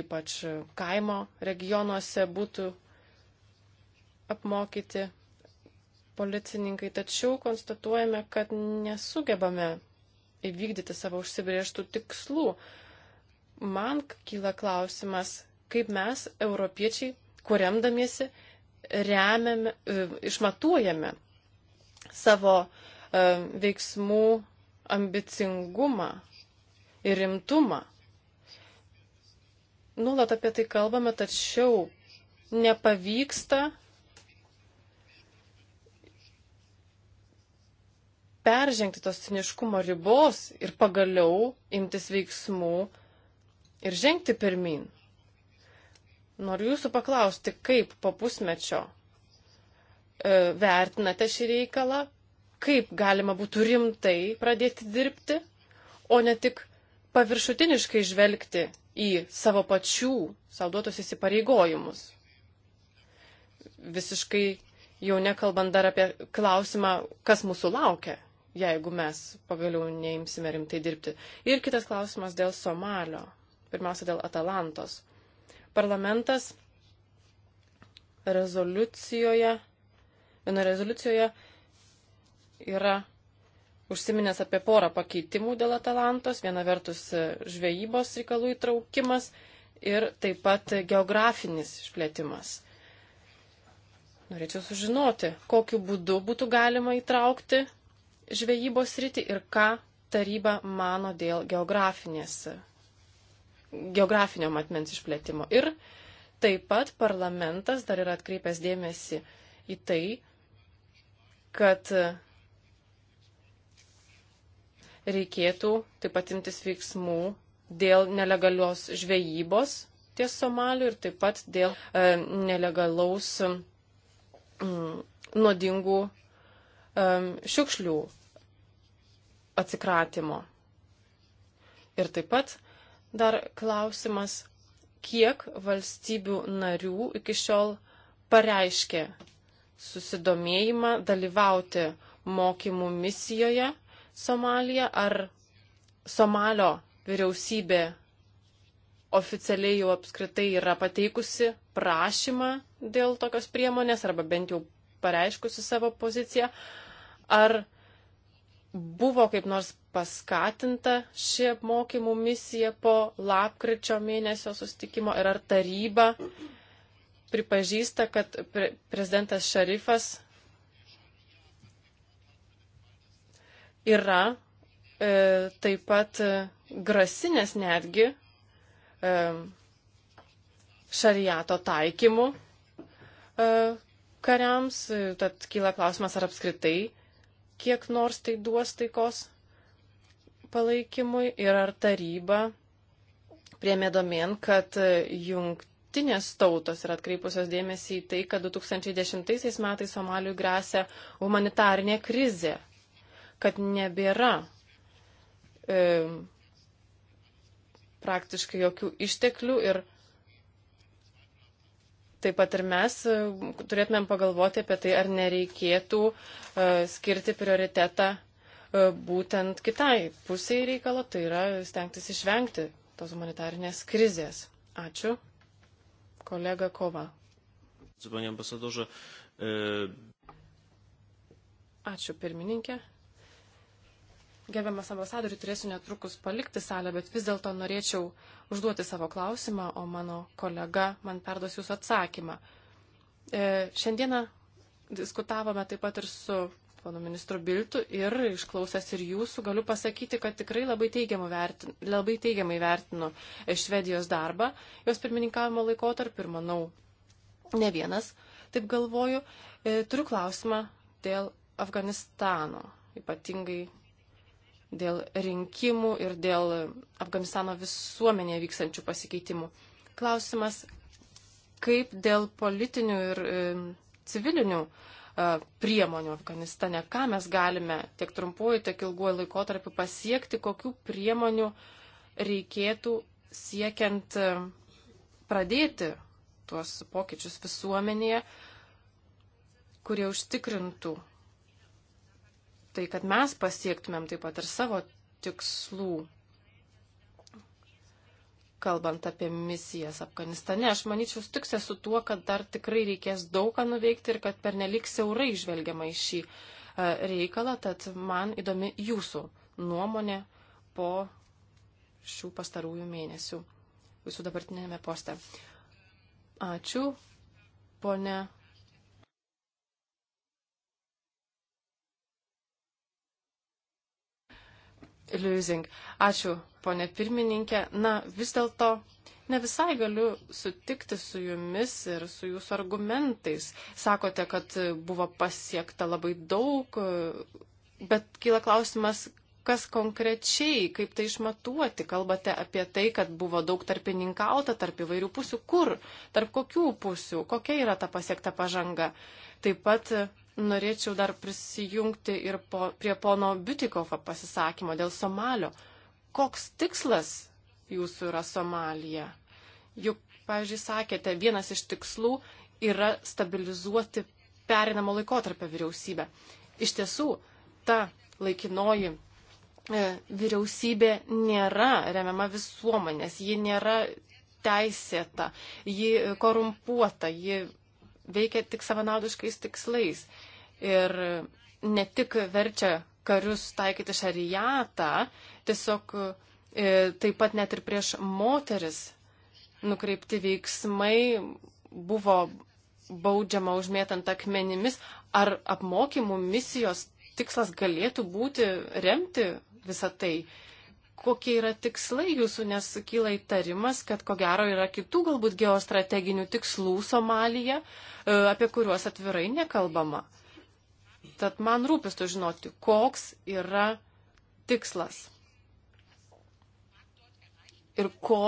Speaker 1: ypač kaimo regionuose būtų apmokyti policininkai. Tačiau konstatuojame, kad nesugebame įvykdyti savo užsibrieštų tikslų. Man kyla klausimas, kaip mes, europiečiai, kuriamdamiesi, remiame, išmatuojame savo e, veiksmų ambicingumą ir rimtumą. Nulat apie tai kalbame, tačiau nepavyksta peržengti tos ciniškumo ribos ir pagaliau imtis veiksmų ir žengti pirmin. Noriu jūsų paklausti, kaip po pusmečio e, vertinate šį reikalą, kaip galima būtų rimtai pradėti dirbti, o ne tik paviršutiniškai žvelgti į savo pačių sauduotus įsipareigojimus. Visiškai jau nekalbant dar apie klausimą, kas mūsų laukia jeigu mes pagaliau neimsime rimtai dirbti. Ir kitas klausimas dėl Somalio, pirmiausia dėl Atalantos. Parlamentas rezoliucijoje, vienoje rezoliucijoje yra užsiminęs apie porą pakeitimų dėl Atalantos, viena vertus žvejybos reikalų įtraukimas ir taip pat geografinis išplėtimas. Norėčiau sužinoti, kokiu būdu būtų galima įtraukti žvejybos rytį ir ką taryba mano dėl geografinės, geografinio matmens išplėtimo. Ir taip pat parlamentas dar yra atkreipęs dėmesį į tai, kad reikėtų taip pat imtis veiksmų dėl nelegalios žvejybos ties Somaliu ir taip pat dėl e, nelegalaus mm, nuodingų Um, šiukšlių atsikratimo. Ir taip pat dar klausimas, kiek valstybių narių iki šiol pareiškė susidomėjimą dalyvauti mokymų misijoje Somalija, ar Somalio vyriausybė oficialiai jau apskritai yra pateikusi prašymą dėl tokios priemonės arba bent jau pareiškusi savo poziciją, Ar buvo kaip nors paskatinta ši apmokymų misija po lapkričio mėnesio sustikimo ir ar taryba pripažįsta, kad pre prezidentas Šarifas yra e, taip pat e, grasinės netgi e, šariato taikymu e, kariams, tad kyla klausimas, ar apskritai kiek nors tai duos taikos palaikymui ir ar taryba priemė domen, kad jungtinės tautos yra atkreipusios dėmesį į tai, kad 2010 metais Somaliui grėsia humanitarinė krizė, kad nebėra e, praktiškai jokių išteklių ir taip pat ir mes e, turėtumėm pagalvoti apie tai, ar nereikėtų e, skirti prioritetą e, būtent kitai pusiai reikalo, tai yra stengtis išvengti tos humanitarinės krizės. Ačiū. Kolega Kova. Ačiū, pirmininkė. Gerbiamas ambasadoriu, turėsiu netrukus palikti salę, bet vis dėlto norėčiau užduoti savo klausimą, o mano kolega man perduos jūsų atsakymą. E, šiandieną diskutavome taip pat ir su ponu ministru Biltu ir išklausęs ir jūsų galiu pasakyti, kad tikrai labai, vertin, labai teigiamai vertinu Švedijos darbą, jos pirmininkavimo laikotarpį ir manau ne vienas, taip galvoju. E, turiu klausimą dėl Afganistano, ypatingai dėl rinkimų ir dėl Afganistano visuomenėje vykstančių pasikeitimų. Klausimas, kaip dėl politinių ir e, civilinių e, priemonių Afganistane, ką mes galime tiek trumpuoju, tiek ilguoju laikotarpiu pasiekti, kokių priemonių reikėtų siekiant e, pradėti tuos pokyčius visuomenėje, kurie užtikrintų tai, kad mes pasiektumėm taip pat ir savo tikslų, kalbant apie misijas Afganistane. Aš manyčiau, sutiksė su tuo, kad dar tikrai reikės daug ką nuveikti ir kad pernelik siaurai žvelgiama į šį e, reikalą, tad man įdomi jūsų nuomonė po šių pastarųjų mėnesių jūsų dabartinėme poste. Ačiū, ponė Liuzing. Ačiū, ponė pirmininkė. Na, vis dėlto ne visai galiu sutikti su jumis ir su jūsų argumentais. Sakote, kad buvo pasiekta labai daug, bet kyla klausimas, kas konkrečiai, kaip tai išmatuoti. Kalbate apie tai, kad buvo daug tarpininkauta tarp įvairių pusių. Kur? Tarp kokių pusių? Kokia yra ta pasiekta pažanga? Taip pat norėčiau dar prisijungti ir po, prie pono Biutikofo pasisakymo dėl Somalio. Koks tikslas jūsų yra Somalija? Juk, pavyzdžiui, sakėte, vienas iš tikslų yra stabilizuoti perinamo laikotarpio vyriausybę. Iš tiesų, ta laikinoji e, vyriausybė nėra remiama visuomenės, ji nėra teisėta, ji korumpuota, ji veikia tik savanaudiškais tikslais ir ne tik verčia karius taikyti šarijatą, tiesiog e, taip pat net ir prieš moteris nukreipti veiksmai buvo baudžiama užmėtant akmenimis. Ar apmokymų misijos tikslas galėtų būti remti visą tai? kokie yra tikslai jūsų, nes kyla įtarimas, kad ko gero yra kitų galbūt geostrateginių tikslų Somalija, e, apie kuriuos atvirai nekalbama. Tad man rūpestų žinoti, koks yra tikslas ir ko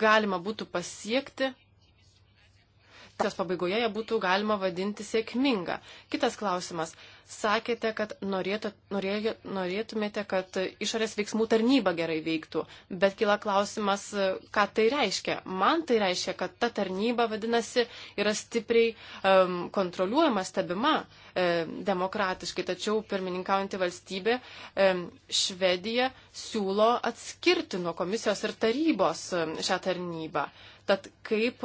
Speaker 1: galima būtų pasiekti jos pabaigoje ją būtų galima vadinti sėkminga. Kitas klausimas. Sakėte, kad norėtų, norėjo, norėtumėte, kad išorės veiksmų tarnyba gerai veiktų, bet kila klausimas, ką tai reiškia. Man tai reiškia, kad ta tarnyba, vadinasi, yra stipriai um, kontroliuojama, stebima um, demokratiškai, tačiau pirmininkaujanti valstybė um, Švedija siūlo atskirti nuo komisijos ir tarybos um, šią tarnybą. Tad kaip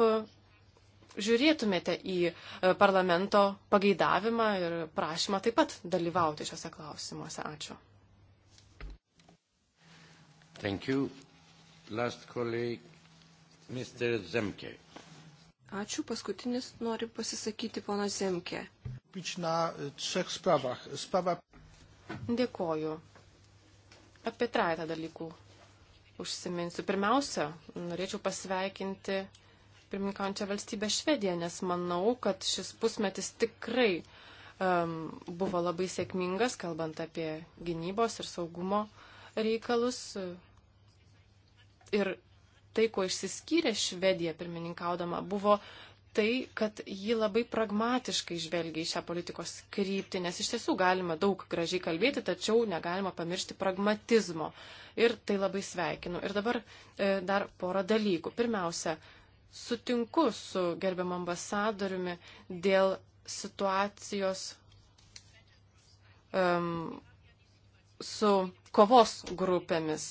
Speaker 1: žiūrėtumėte į e, parlamento pageidavimą ir prašymą taip pat dalyvauti šiuose klausimuose. Ačiū. Thank you. Last colleague, Mr. Zemke.
Speaker 2: Ačiū. Paskutinis nori
Speaker 1: pasisakyti pono Zemke.
Speaker 2: Na e, trzech sprawach. Sprawa...
Speaker 1: Dėkoju. Apie trejatą dalykų užsiminsiu. Pirmiausia, norėčiau pasveikinti pirmininkančią valstybę Švediją, nes manau, kad šis pusmetis tikrai um, buvo labai sėkmingas, kalbant apie gynybos ir saugumo reikalus. Ir tai, kuo išsiskyrė Švedija pirmininkaudama, buvo tai, kad ji labai pragmatiškai žvelgia į šią politikos kryptį, nes iš tiesų galima daug gražiai kalbėti, tačiau negalima pamiršti pragmatizmo. Ir tai labai sveikinu. Ir dabar e, dar porą dalykų. Pirmiausia, sutinku su gerbiam ambasadoriumi dėl situacijos um, su kovos grupėmis,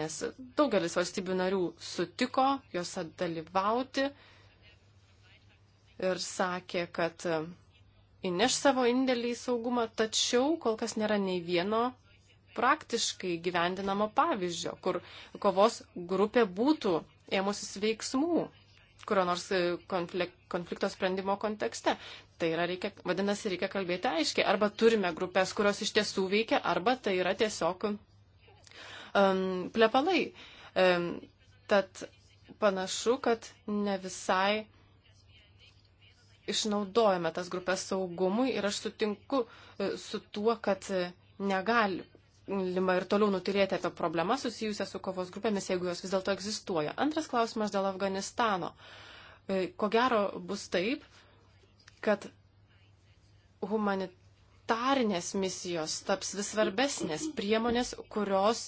Speaker 1: nes daugelis valstybių narių sutiko jos dalyvauti ir sakė, kad įneš savo indėlį į saugumą, tačiau kol kas nėra nei vieno praktiškai gyvendinamo pavyzdžio, kur kovos grupė būtų ėmusis veiksmų kurio nors e, konflikto sprendimo kontekste. Tai yra, reikia, vadinasi, reikia kalbėti aiškiai. Arba turime grupės, kurios iš tiesų veikia, arba tai yra tiesiog um, plepalai. Um, tad panašu, kad ne visai išnaudojame tas grupės saugumui ir aš sutinku e, su tuo, kad e, negali, galima ir toliau nutirėti apie problemas susijusias su kovos grupėmis, jeigu jos vis dėlto egzistuoja. Antras klausimas dėl Afganistano. E, ko gero bus taip, kad humanitarinės misijos taps vis svarbesnės priemonės, kurios,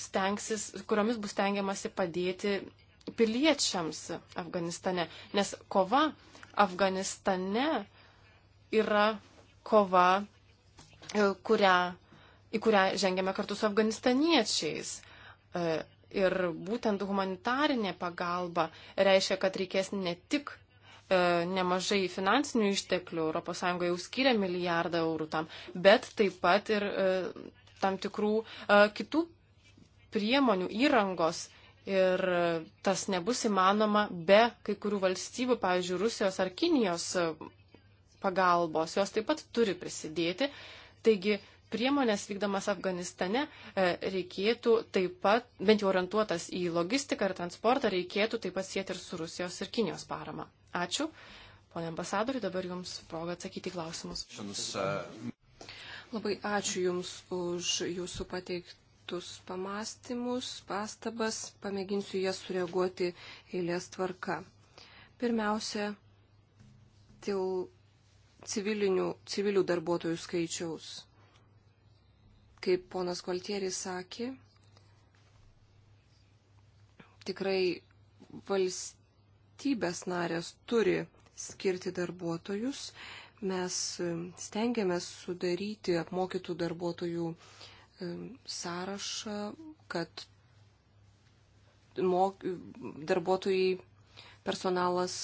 Speaker 1: stengsis, kuriomis bus tengiamasi padėti piliečiams Afganistane. Nes kova Afganistane yra kova, e, kurią į kurią žengėme kartu su afganistaniečiais. E, ir būtent humanitarinė pagalba reiškia, kad reikės ne tik e, nemažai finansinių išteklių, ES jau skiria milijardą eurų tam, bet taip pat ir e, tam tikrų kitų priemonių, įrangos. Ir tas nebus įmanoma be kai kurių valstybių, pavyzdžiui, Rusijos ar Kinijos pagalbos. Jos taip pat turi prisidėti. Taigi priemonės vykdomas Afganistane e, reikėtų taip pat, bent jau orientuotas į logistiką ir transportą, reikėtų taip pat sėti ir su Rusijos ir Kinijos parama. Ačiū. Pone ambasadoriu, dabar jums proga atsakyti klausimus. E, Labai ačiū
Speaker 2: Jums už Jūsų pateiktus pamastymus, pastabas. Pamėginsiu jas sureaguoti eilės tvarka. Pirmiausia, dėl civilinių, civilių darbuotojų skaičiaus. Kaip ponas Koltieris sakė, tikrai valstybės narės turi skirti darbuotojus. Mes e, stengiamės sudaryti apmokytų darbuotojų e, sąrašą, kad mok, darbuotojai personalas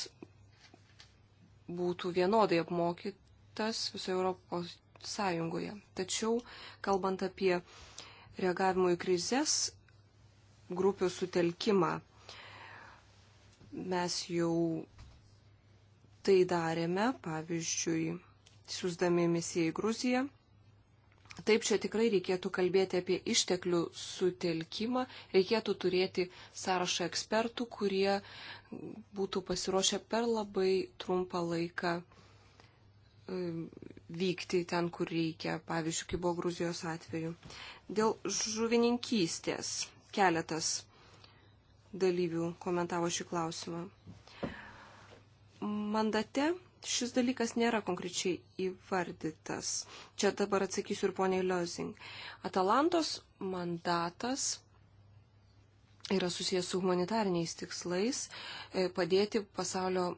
Speaker 2: būtų vienodai apmokytas visoje Europos Sąjungoje. Tačiau, kalbant apie reagavimo į krizės grupių sutelkimą, mes jau tai darėme, pavyzdžiui, siūsdami misiją į Gruziją. Taip, čia tikrai reikėtų kalbėti apie išteklių sutelkimą, reikėtų turėti sąrašą ekspertų, kurie būtų pasiruošę per labai trumpą laiką vykti ten, kur reikia, pavyzdžiui, kaip buvo Gruzijos atveju. Dėl žuvininkystės keletas dalyvių komentavo šį klausimą. Mandate šis dalykas nėra konkrečiai įvardytas. Čia dabar atsakysiu ir poniai Liozing. Atalantos mandatas yra susijęs su humanitariniais tikslais e, padėti pasaulio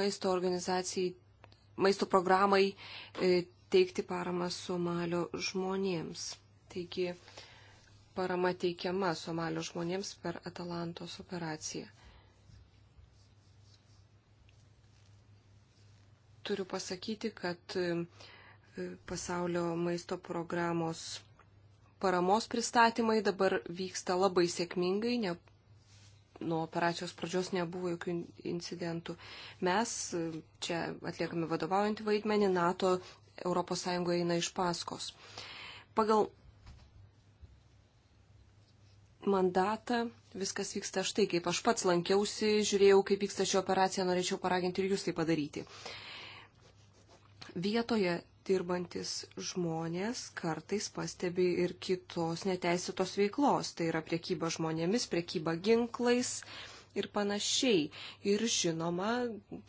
Speaker 2: maisto organizacijai maisto programai e, teikti paramą Somalio žmonėms. Taigi parama teikiama Somalio žmonėms per Atalantos operaciją. Turiu pasakyti, kad e, pasaulio maisto programos paramos pristatymai dabar vyksta labai sėkmingai, ne, nuo operacijos pradžios nebuvo jokių incidentų. Mes e, čia atliekame vadovaujantį vaidmenį, NATO ES eina iš paskos. Pagal mandatą viskas vyksta štai, kaip aš pats lankiausi, žiūrėjau, kaip vyksta ši operacija, norėčiau paraginti ir jūs tai padaryti. Vietoje dirbantis žmonės kartais pastebi ir kitos neteisėtos veiklos, tai yra priekyba žmonėmis, priekyba ginklais ir panašiai. Ir žinoma,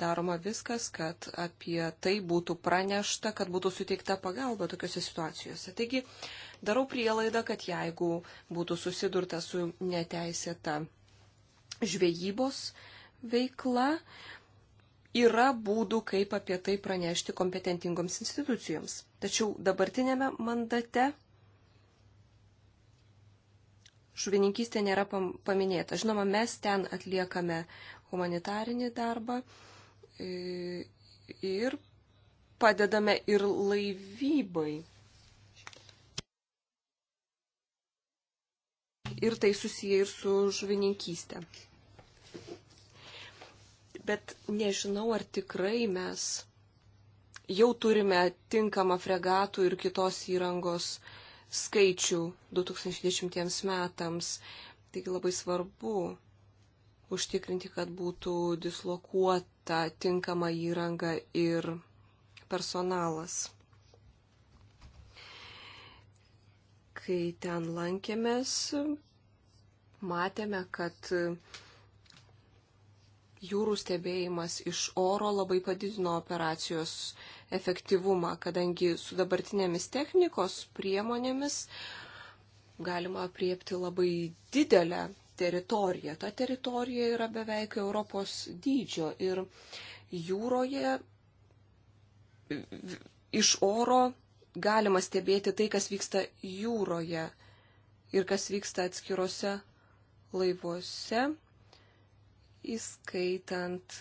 Speaker 2: daroma viskas, kad apie tai būtų pranešta, kad būtų suteikta pagalba tokiuose situacijose. Taigi, darau prielaidą, kad jeigu būtų susidurta su neteisėta žvejybos veikla, yra būdų, kaip apie tai pranešti kompetentingoms institucijoms. Tačiau dabartinėme mandate žuvininkystė nėra paminėta. Žinoma, mes ten atliekame humanitarinį darbą e, ir padedame ir laivybai. Ir tai susiję ir su žuvininkystė bet nežinau, ar tikrai mes jau turime tinkamą fregatų ir kitos įrangos skaičių 2010 metams. Taigi labai svarbu užtikrinti, kad būtų dislokuota tinkama įranga ir personalas. Kai ten lankėmės, matėme, kad jūrų stebėjimas iš oro labai padidino operacijos efektyvumą, kadangi su dabartinėmis technikos priemonėmis galima apriepti labai didelę teritoriją. Ta teritorija yra beveik Europos dydžio ir jūroje iš oro galima stebėti tai, kas vyksta jūroje ir kas vyksta atskiruose laivuose įskaitant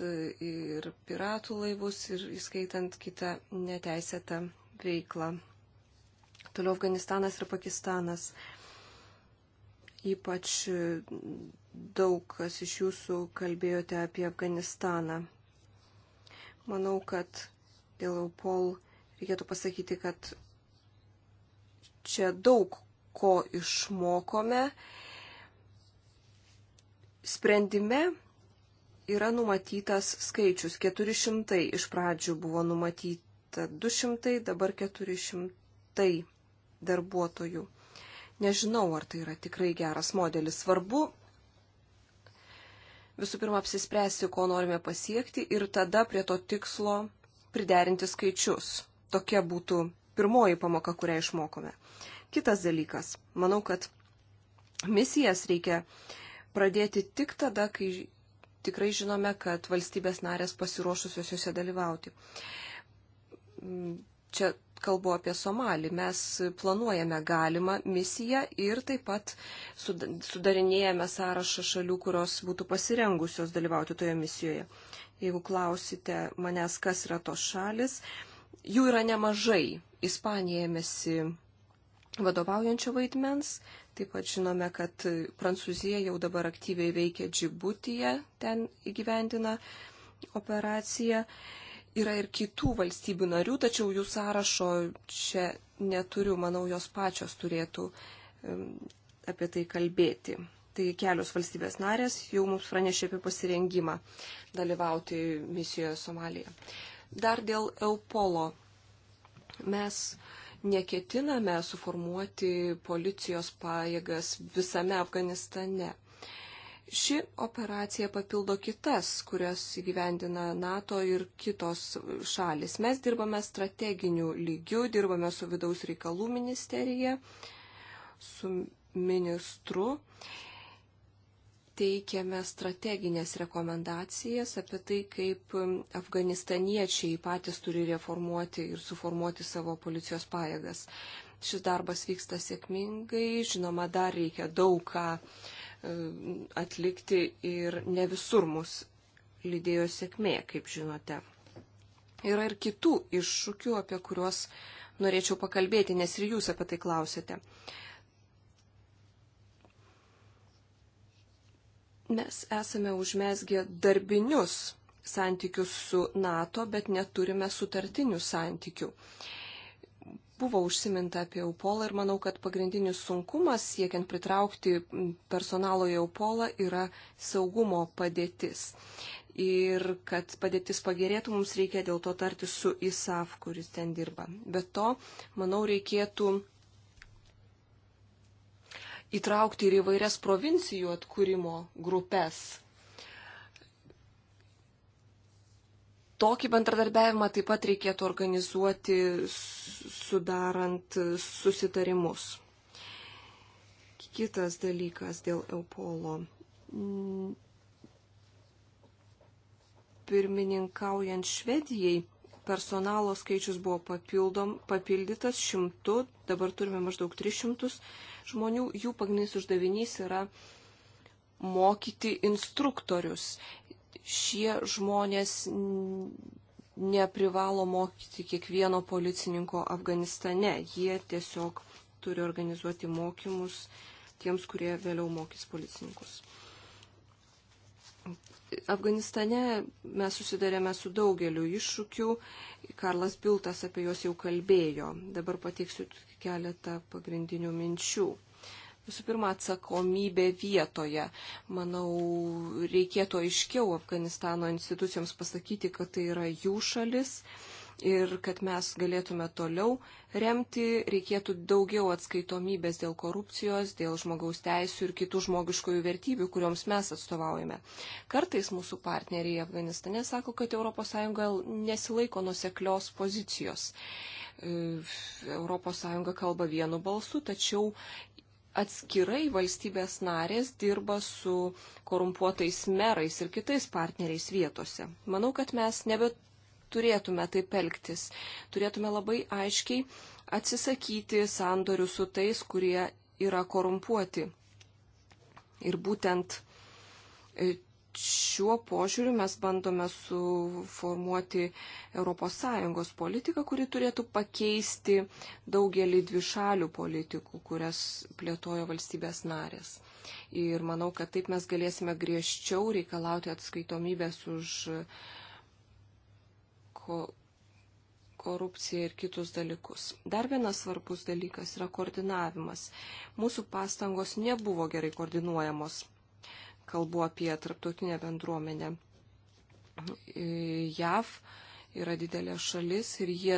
Speaker 2: ir piratų laivus, ir įskaitant kitą neteisėtą veiklą. Toliau Afganistanas ir Pakistanas. Ypač daug kas iš jūsų kalbėjote apie Afganistaną. Manau, kad dėl Eupol reikėtų pasakyti, kad čia daug ko išmokome. Sprendime yra numatytas skaičius 400 iš pradžių buvo numatyta 200, dabar 400 darbuotojų. Nežinau, ar tai yra tikrai geras modelis. Svarbu visų pirma apsispręsti, ko norime pasiekti ir tada prie to tikslo priderinti skaičius. Tokia būtų pirmoji pamoka, kurią išmokome. Kitas dalykas. Manau, kad misijas reikia pradėti tik tada, kai tikrai žinome, kad valstybės narės pasiruošusios juose dalyvauti. Mm, čia kalbu apie Somalį. Mes planuojame galimą misiją ir taip pat sudarinėjame sąrašą šalių, kurios būtų pasirengusios dalyvauti toje misijoje. Jeigu klausite manęs, kas yra tos šalis, jų yra nemažai. Ispanija ėmėsi vadovaujančio vaidmens, Taip pat žinome, kad Prancūzija jau dabar aktyviai veikia Džibutyje, ten įgyvendina operaciją. Yra ir kitų valstybių narių, tačiau jų sąrašo čia neturiu, manau, jos pačios turėtų apie tai kalbėti. Tai kelios valstybės narės jau mums pranešė apie pasirengimą dalyvauti misijoje Somalija. Dar dėl Eupolo. Mes uh, neketiname suformuoti policijos pajėgas visame Afganistane. Ši operacija papildo kitas, kurias įgyvendina NATO ir kitos šalis. Mes dirbame strateginių lygių, dirbame su vidaus reikalų ministerija, su ministru teikiame strateginės rekomendacijas apie tai, kaip afganistaniečiai patys turi reformuoti ir suformuoti savo policijos pajėgas. Šis darbas vyksta sėkmingai, žinoma, dar reikia daug ką e, atlikti ir ne visur mus lydėjo sėkmė, kaip žinote. Yra ir kitų iššūkių, apie kuriuos norėčiau pakalbėti, nes ir jūs apie tai klausėte. Mes esame užmesgę darbinius santykius su NATO, bet neturime sutartinių santykių. Buvo užsiminta apie Eupolą ir manau, kad pagrindinis sunkumas siekiant pritraukti personalo į Eupolą yra saugumo padėtis. Ir kad padėtis pagerėtų, mums reikia dėl to tartis su ISAF, kuris ten dirba. Be to, manau, reikėtų įtraukti ir įvairias provincijų atkūrimo grupės. Tokį bendradarbiavimą taip pat reikėtų organizuoti sudarant susitarimus. Kitas dalykas dėl Eupolo. Mm. Pirmininkaujant Švedijai personalo skaičius buvo papildom, papildytas šimtu, dabar turime maždaug 300 žmonių, jų pagrindinis uždavinys yra mokyti instruktorius. Šie žmonės neprivalo mokyti kiekvieno policininko Afganistane. Jie tiesiog turi organizuoti mokymus tiems, kurie vėliau mokys policininkus. Afganistane mes susidarėme su daugeliu iššūkių. Karlas Biltas apie juos jau kalbėjo. Dabar pateiksiu keletą pagrindinių minčių. Visų pirma, atsakomybė vietoje. Manau, reikėtų aiškiau Afganistano institucijoms pasakyti, kad tai yra jų šalis. Uh, ir kad mes galėtume toliau remti, reikėtų daugiau atskaitomybės dėl korupcijos, dėl žmogaus teisų ir kitų žmogiškojų vertybių, kurioms mes atstovaujame. Kartais mūsų partneriai Afganistane sako, kad ES nesilaiko nuseklios pozicijos. ES kalba vienu balsu, tačiau atskirai valstybės narės dirba su korumpuotais merais ir kitais partneriais vietose. Manau, kad mes nebe turėtume taip elgtis. Turėtume labai aiškiai atsisakyti sandorių su tais, kurie yra korumpuoti. Ir būtent e, šiuo požiūriu mes bandome suformuoti ES politiką, kuri turėtų pakeisti daugelį dvišalių politikų, kurias plėtojo valstybės narės. Ir manau, kad taip mes galėsime griežčiau reikalauti atskaitomybės už uh, korupciją ir kitus dalykus. Dar vienas svarbus dalykas yra koordinavimas. Mūsų pastangos nebuvo gerai koordinuojamos. Kalbu apie tarptautinę bendruomenę. E, JAV yra didelė šalis ir jie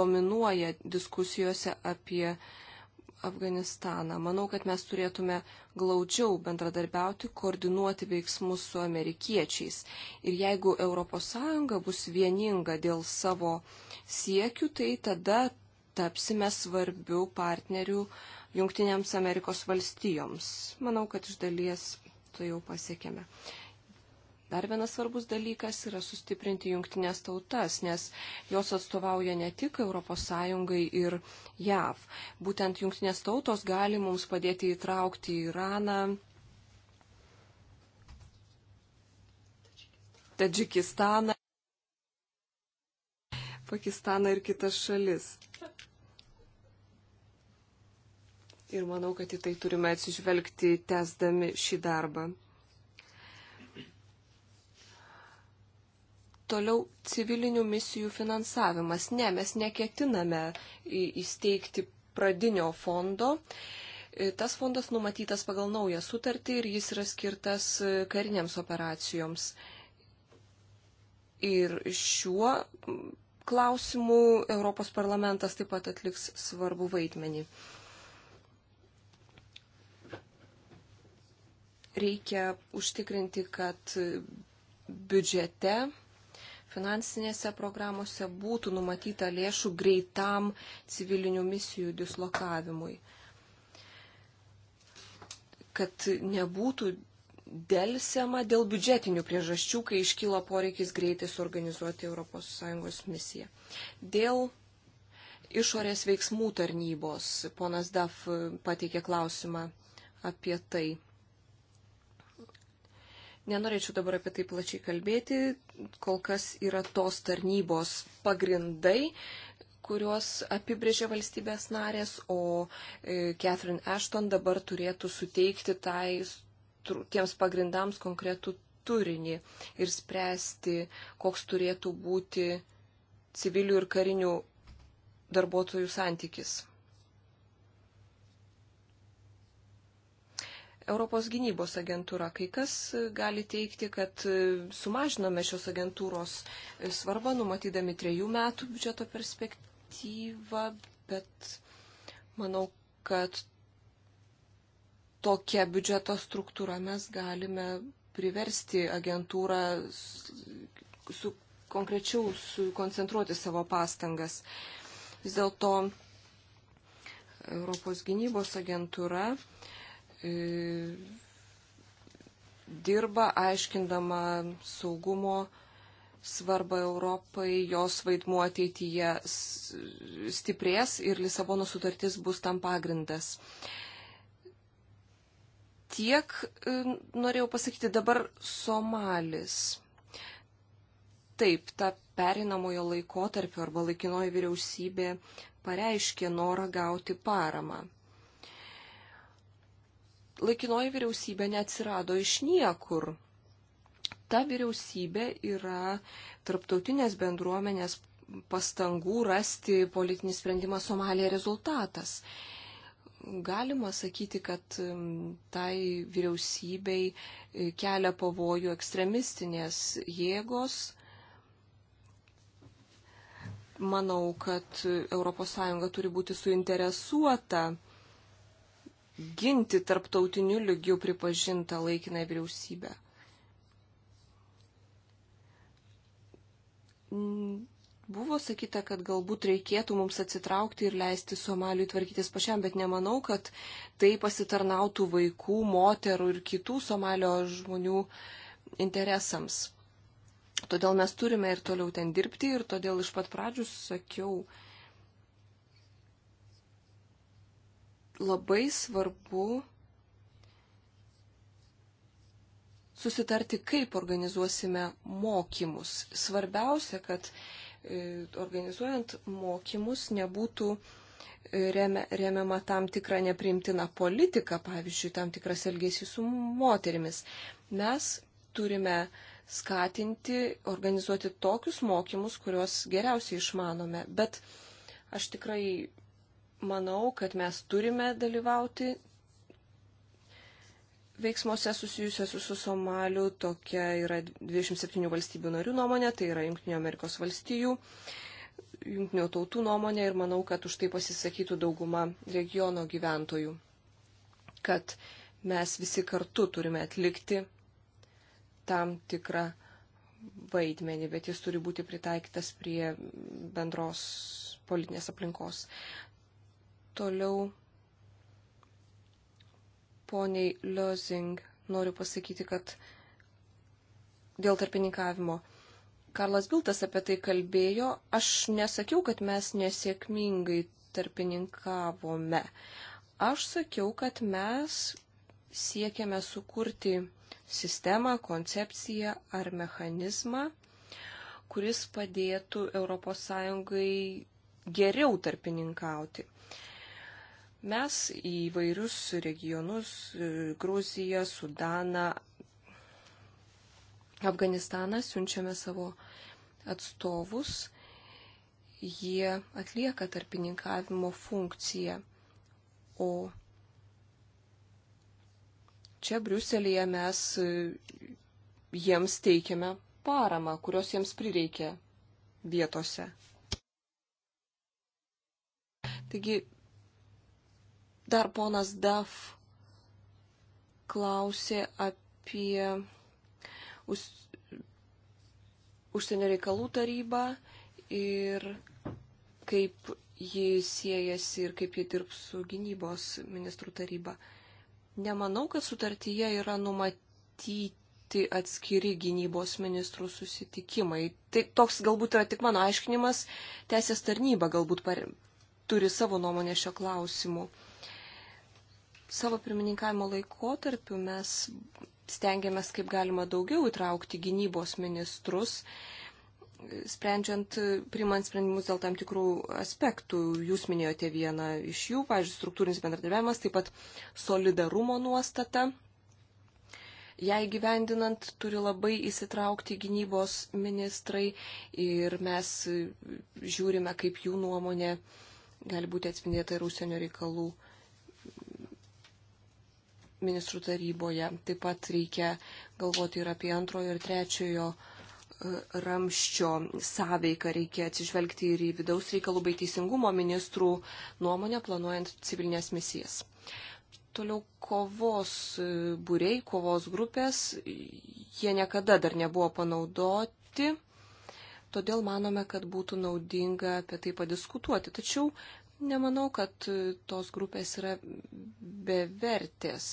Speaker 2: dominuoja diskusijose apie uh, Afganistaną. Manau, kad mes turėtume glaudžiau bendradarbiauti, koordinuoti veiksmus su amerikiečiais. Ir jeigu ES bus vieninga dėl savo siekių, tai tada tapsime svarbių partnerių Junktinėms Amerikos valstijoms. Manau, kad iš dalies to tai jau pasiekėme. Dar vienas svarbus dalykas yra sustiprinti jungtinės tautas, nes jos atstovauja ne tik ES ir JAV. Būtent jungtinės tautos gali mums padėti įtraukti Iraną, Tadžikistaną, Pakistaną ir kitas šalis. Ir manau, kad į tai turime atsižvelgti, tęsdami šį darbą. Toliau civilinių misijų finansavimas. Ne, mes neketiname įsteigti pradinio fondo. E, tas fondas numatytas pagal naują sutartį ir jis yra skirtas e, kariniams operacijoms. Ir šiuo klausimu Europos parlamentas taip pat atliks svarbų vaidmenį. Reikia užtikrinti, kad biudžete finansinėse programuose būtų numatyta lėšų greitam civilinių misijų dislokavimui. Kad nebūtų dėlsiama dėl biudžetinių priežasčių, kai iškyla poreikis greitai suorganizuoti ES misiją. Dėl išorės veiksmų tarnybos ponas Daf pateikė klausimą apie tai. Nenorėčiau dabar apie tai plačiai kalbėti. Kol kas yra tos tarnybos pagrindai, kuriuos apibrėžė valstybės narės, o e, Catherine Ashton dabar turėtų suteikti tai, tiems pagrindams konkretų turinį ir spręsti, koks turėtų būti civilių ir karinių darbuotojų santykis. Europos gynybos agentūra. Kai kas gali teikti, kad sumažinome šios agentūros svarbą, numatydami trejų metų biudžeto perspektyvą, bet manau, kad tokia biudžeto struktūra mes galime priversti agentūrą su, konkrečiau sukoncentruoti savo pastangas. Vis dėlto Europos gynybos agentūra dirba aiškindama saugumo svarbą Europai, jos vaidmuo ateityje stiprės ir Lisabono sutartis bus tam pagrindas. Tiek e, norėjau pasakyti dabar Somalis. Taip, ta perinamojo laikotarpio arba laikinoji vyriausybė pareiškė norą gauti paramą laikinoji vyriausybė neatsirado iš niekur. Ta vyriausybė yra tarptautinės bendruomenės pastangų rasti politinį sprendimą Somalija rezultatas. Galima sakyti, kad um, tai vyriausybei e, kelia pavojų ekstremistinės jėgos. Manau, kad ES turi būti suinteresuota ginti tarptautiniu lygiu pripažintą laikinąją vyriausybę. Buvo sakyta, kad galbūt reikėtų mums atsitraukti ir leisti Somaliui tvarkytis pačiam, bet nemanau, kad tai pasitarnautų vaikų, moterų ir kitų Somalio žmonių interesams. Todėl mes turime ir toliau ten dirbti ir todėl iš pat pradžių sakiau, labai svarbu susitarti, kaip organizuosime mokymus. Svarbiausia, kad e, organizuojant mokymus nebūtų e, remiama tam tikra neprimtina politika, pavyzdžiui, tam tikras elgesys su moterimis. Mes turime skatinti, organizuoti tokius mokymus, kuriuos geriausiai išmanome. Bet aš tikrai manau, kad mes turime dalyvauti veiksmuose susijusiuose su Somaliu. Tokia yra 27 valstybių narių nuomonė, tai yra Junktinio Amerikos valstijų, Junktinio tautų nuomonė ir manau, kad už tai pasisakytų dauguma regiono gyventojų. Kad mes visi kartu turime atlikti tam tikrą vaidmenį, bet jis turi būti pritaikytas prie bendros politinės aplinkos. Toliau poniai Liozing noriu pasakyti, kad dėl tarpininkavimo. Karlas Biltas apie tai kalbėjo, aš nesakiau, kad mes nesėkmingai tarpininkavome. Aš sakiau, kad mes siekiame sukurti sistemą, koncepciją ar mechanizmą, kuris padėtų ES geriau tarpininkauti. Mes į vairius regionus e, - Gruziją, Sudaną, Afganistaną siunčiame savo atstovus. Jie atlieka tarpininkavimo funkciją. O čia Briuselėje mes e, jiems teikiame paramą, kurios jiems prireikia vietose. Taigi Dar ponas Daf klausė apie už, užsienio reikalų tarybą ir kaip ji siejasi ir kaip ji dirbs su gynybos ministrų taryba. Nemanau, kad sutartyje yra numatyti atskiri gynybos ministrų susitikimai. Tai toks galbūt yra tik mano aiškinimas, teisės tarnyba galbūt par... turi savo nuomonę šio klausimu savo pirmininkavimo laikotarpiu mes stengiamės kaip galima daugiau įtraukti gynybos ministrus, sprendžiant, primant sprendimus dėl tam tikrų aspektų. Jūs minėjote vieną iš jų, pavyzdžiui, struktūrinis bendradarbiavimas, taip pat solidarumo nuostata. Jei gyvendinant turi labai įsitraukti gynybos ministrai ir mes žiūrime, kaip jų nuomonė gali būti atspindėta ir užsienio reikalų uh, ministrų taryboje. Taip pat reikia galvoti ir apie antrojo ir trečiojo e, ramščio sąveiką. Reikia atsižvelgti ir į vidaus reikalų bei teisingumo ministrų nuomonę planuojant civilinės misijas. Toliau kovos e, būrei, kovos grupės, jie niekada dar nebuvo panaudoti. Todėl manome, kad būtų naudinga apie tai padiskutuoti. Tačiau Nemanau, kad e, tos grupės yra bevertės.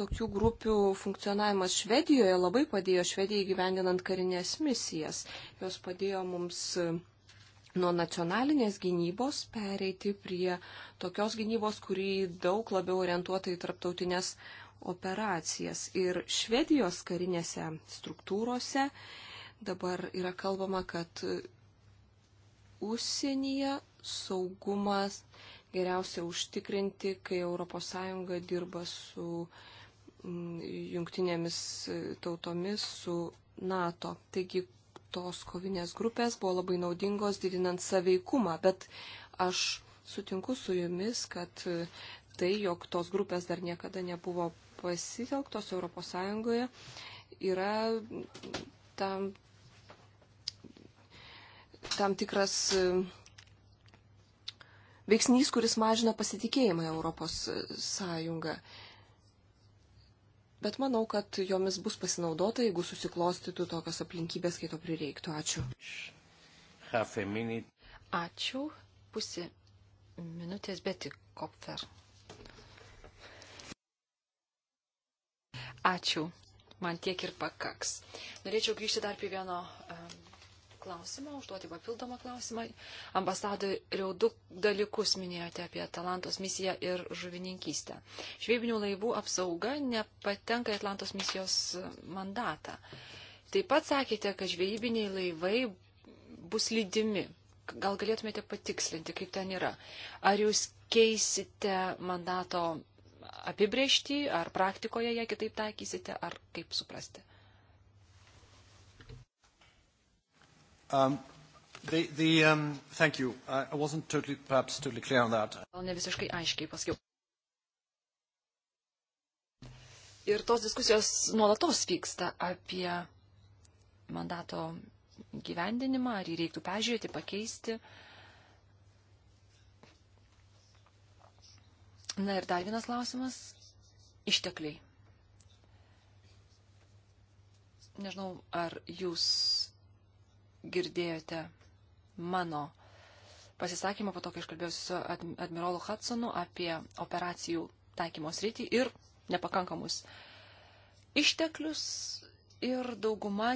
Speaker 2: Tokių grupių funkcionavimas Švedijoje labai padėjo Švedijai gyvendinant karinės misijas. Jos padėjo mums e, nuo nacionalinės gynybos pereiti prie tokios gynybos, kuri daug labiau orientuota į tarptautinės operacijas. Ir Švedijos karinėse struktūrose dabar yra kalbama, kad užsienyje saugumas geriausia užtikrinti, kai ES dirba su mm, jungtinėmis e, tautomis, su NATO. Taigi tos kovinės grupės buvo labai naudingos didinant saveikumą, bet aš sutinku su jumis, kad e, tai, jog tos grupės dar niekada nebuvo pasitelktos ES, yra mm, tam tam tikras e, veiksnys, kuris mažina pasitikėjimą Europos e, Sąjungą. Bet manau, kad jomis bus pasinaudota, jeigu susiklostytų tokios aplinkybės, kai to prireiktų. Ačiū. Ačiū.
Speaker 3: Pusė minutės, bet tik kopfer. Ačiū. Man tiek ir pakaks. Norėčiau grįžti dar prie vieno um, klausimą, užduoti papildomą klausimą. Ambasadoriau du dalykus minėjote apie Atalantos misiją ir žuvininkystę. Žvėbinių laivų apsauga nepatenka į Atlantos misijos mandatą. Taip pat sakėte, kad žvejybiniai laivai bus lydimi. Gal galėtumėte patikslinti, kaip ten yra. Ar jūs keisite mandato apibriežtį, ar praktikoje ją kitaip taikysite, ar kaip suprasti?
Speaker 1: Um, the, the, um, thank you. I, I wasn't totally, perhaps totally clear on that.
Speaker 3: Gal ne visiškai aiškiai pasakiau. Ir tos diskusijos nuolatos vyksta apie mandato gyvendinimą, ar jį reiktų peržiūrėti, pakeisti. Na ir dar vienas klausimas - ištekliai. Nežinau, ar jūs girdėjote mano pasisakymą, po to, kai aš kalbėjausi su admirolu Hudsonu apie operacijų taikymos rytį ir nepakankamus išteklius ir dauguma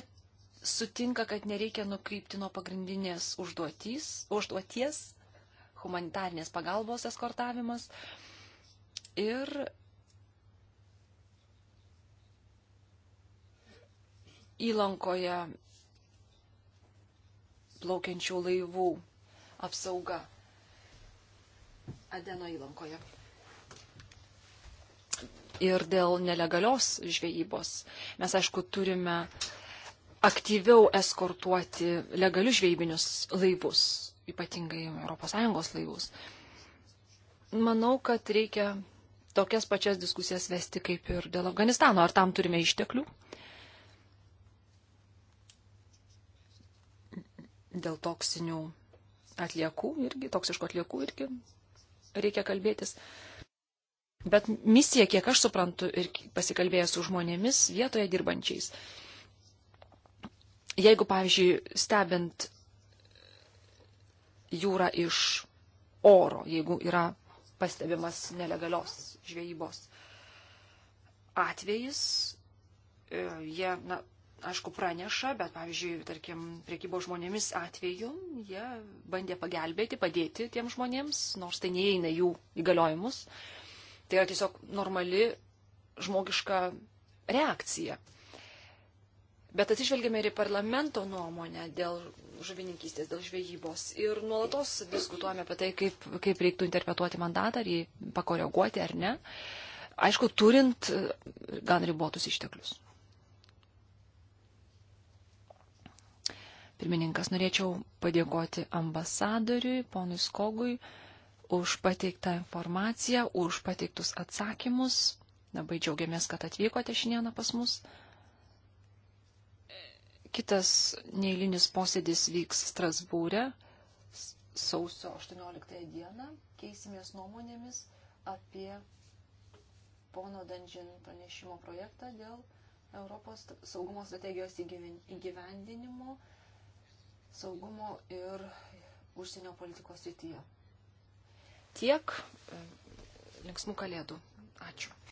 Speaker 3: sutinka, kad nereikia nukrypti nuo pagrindinės užduotys, užduoties, humanitarnės pagalbos eskortavimas. Ir įlankoje plaukiančių laivų apsauga Adeno įlankoje. Ir dėl nelegalios žvejybos. Mes, aišku, turime aktyviau eskortuoti legalius žvejybinius laivus, ypatingai ES laivus. Manau, kad reikia tokias pačias diskusijas vesti kaip ir dėl Afganistano. Ar tam turime išteklių? dėl toksinių atliekų irgi, toksiškų atliekų irgi reikia kalbėtis. Bet misija, kiek aš suprantu ir pasikalbėjęs su žmonėmis vietoje dirbančiais, jeigu, pavyzdžiui, stebint jūrą iš oro, jeigu yra pastebimas nelegalios žvejybos atvejis, e, jie na, aišku, praneša, bet, pavyzdžiui, tarkim, priekybo žmonėmis atveju jie bandė pagelbėti, padėti tiem žmonėms, nors tai neįeina jų įgaliojimus. Tai yra tiesiog normali žmogiška reakcija. Bet atsižvelgiame ir į parlamento nuomonę dėl žuvininkystės, dėl žvejybos. Ir nuolatos diskutuojame apie tai, kaip, kaip reiktų interpretuoti mandatą, ar jį pakoreguoti ar ne. Aišku, turint gan ribotus išteklius. Pirmininkas, norėčiau padėkoti ambasadoriui, ponui Skogui, už pateiktą informaciją, už pateiktus atsakymus. Labai džiaugiamės, kad atvykote šiandieną pas mus. Kitas neįlinis posėdis vyks Strasbūrė sausio 18 dieną. Keisimės nuomonėmis apie pono Danžin pranešimo projektą dėl Europos saugumo strategijos įgyvendinimo saugumo ir užsienio politikos rytyje. Tiek e, linksmų kalėdų. Ačiū.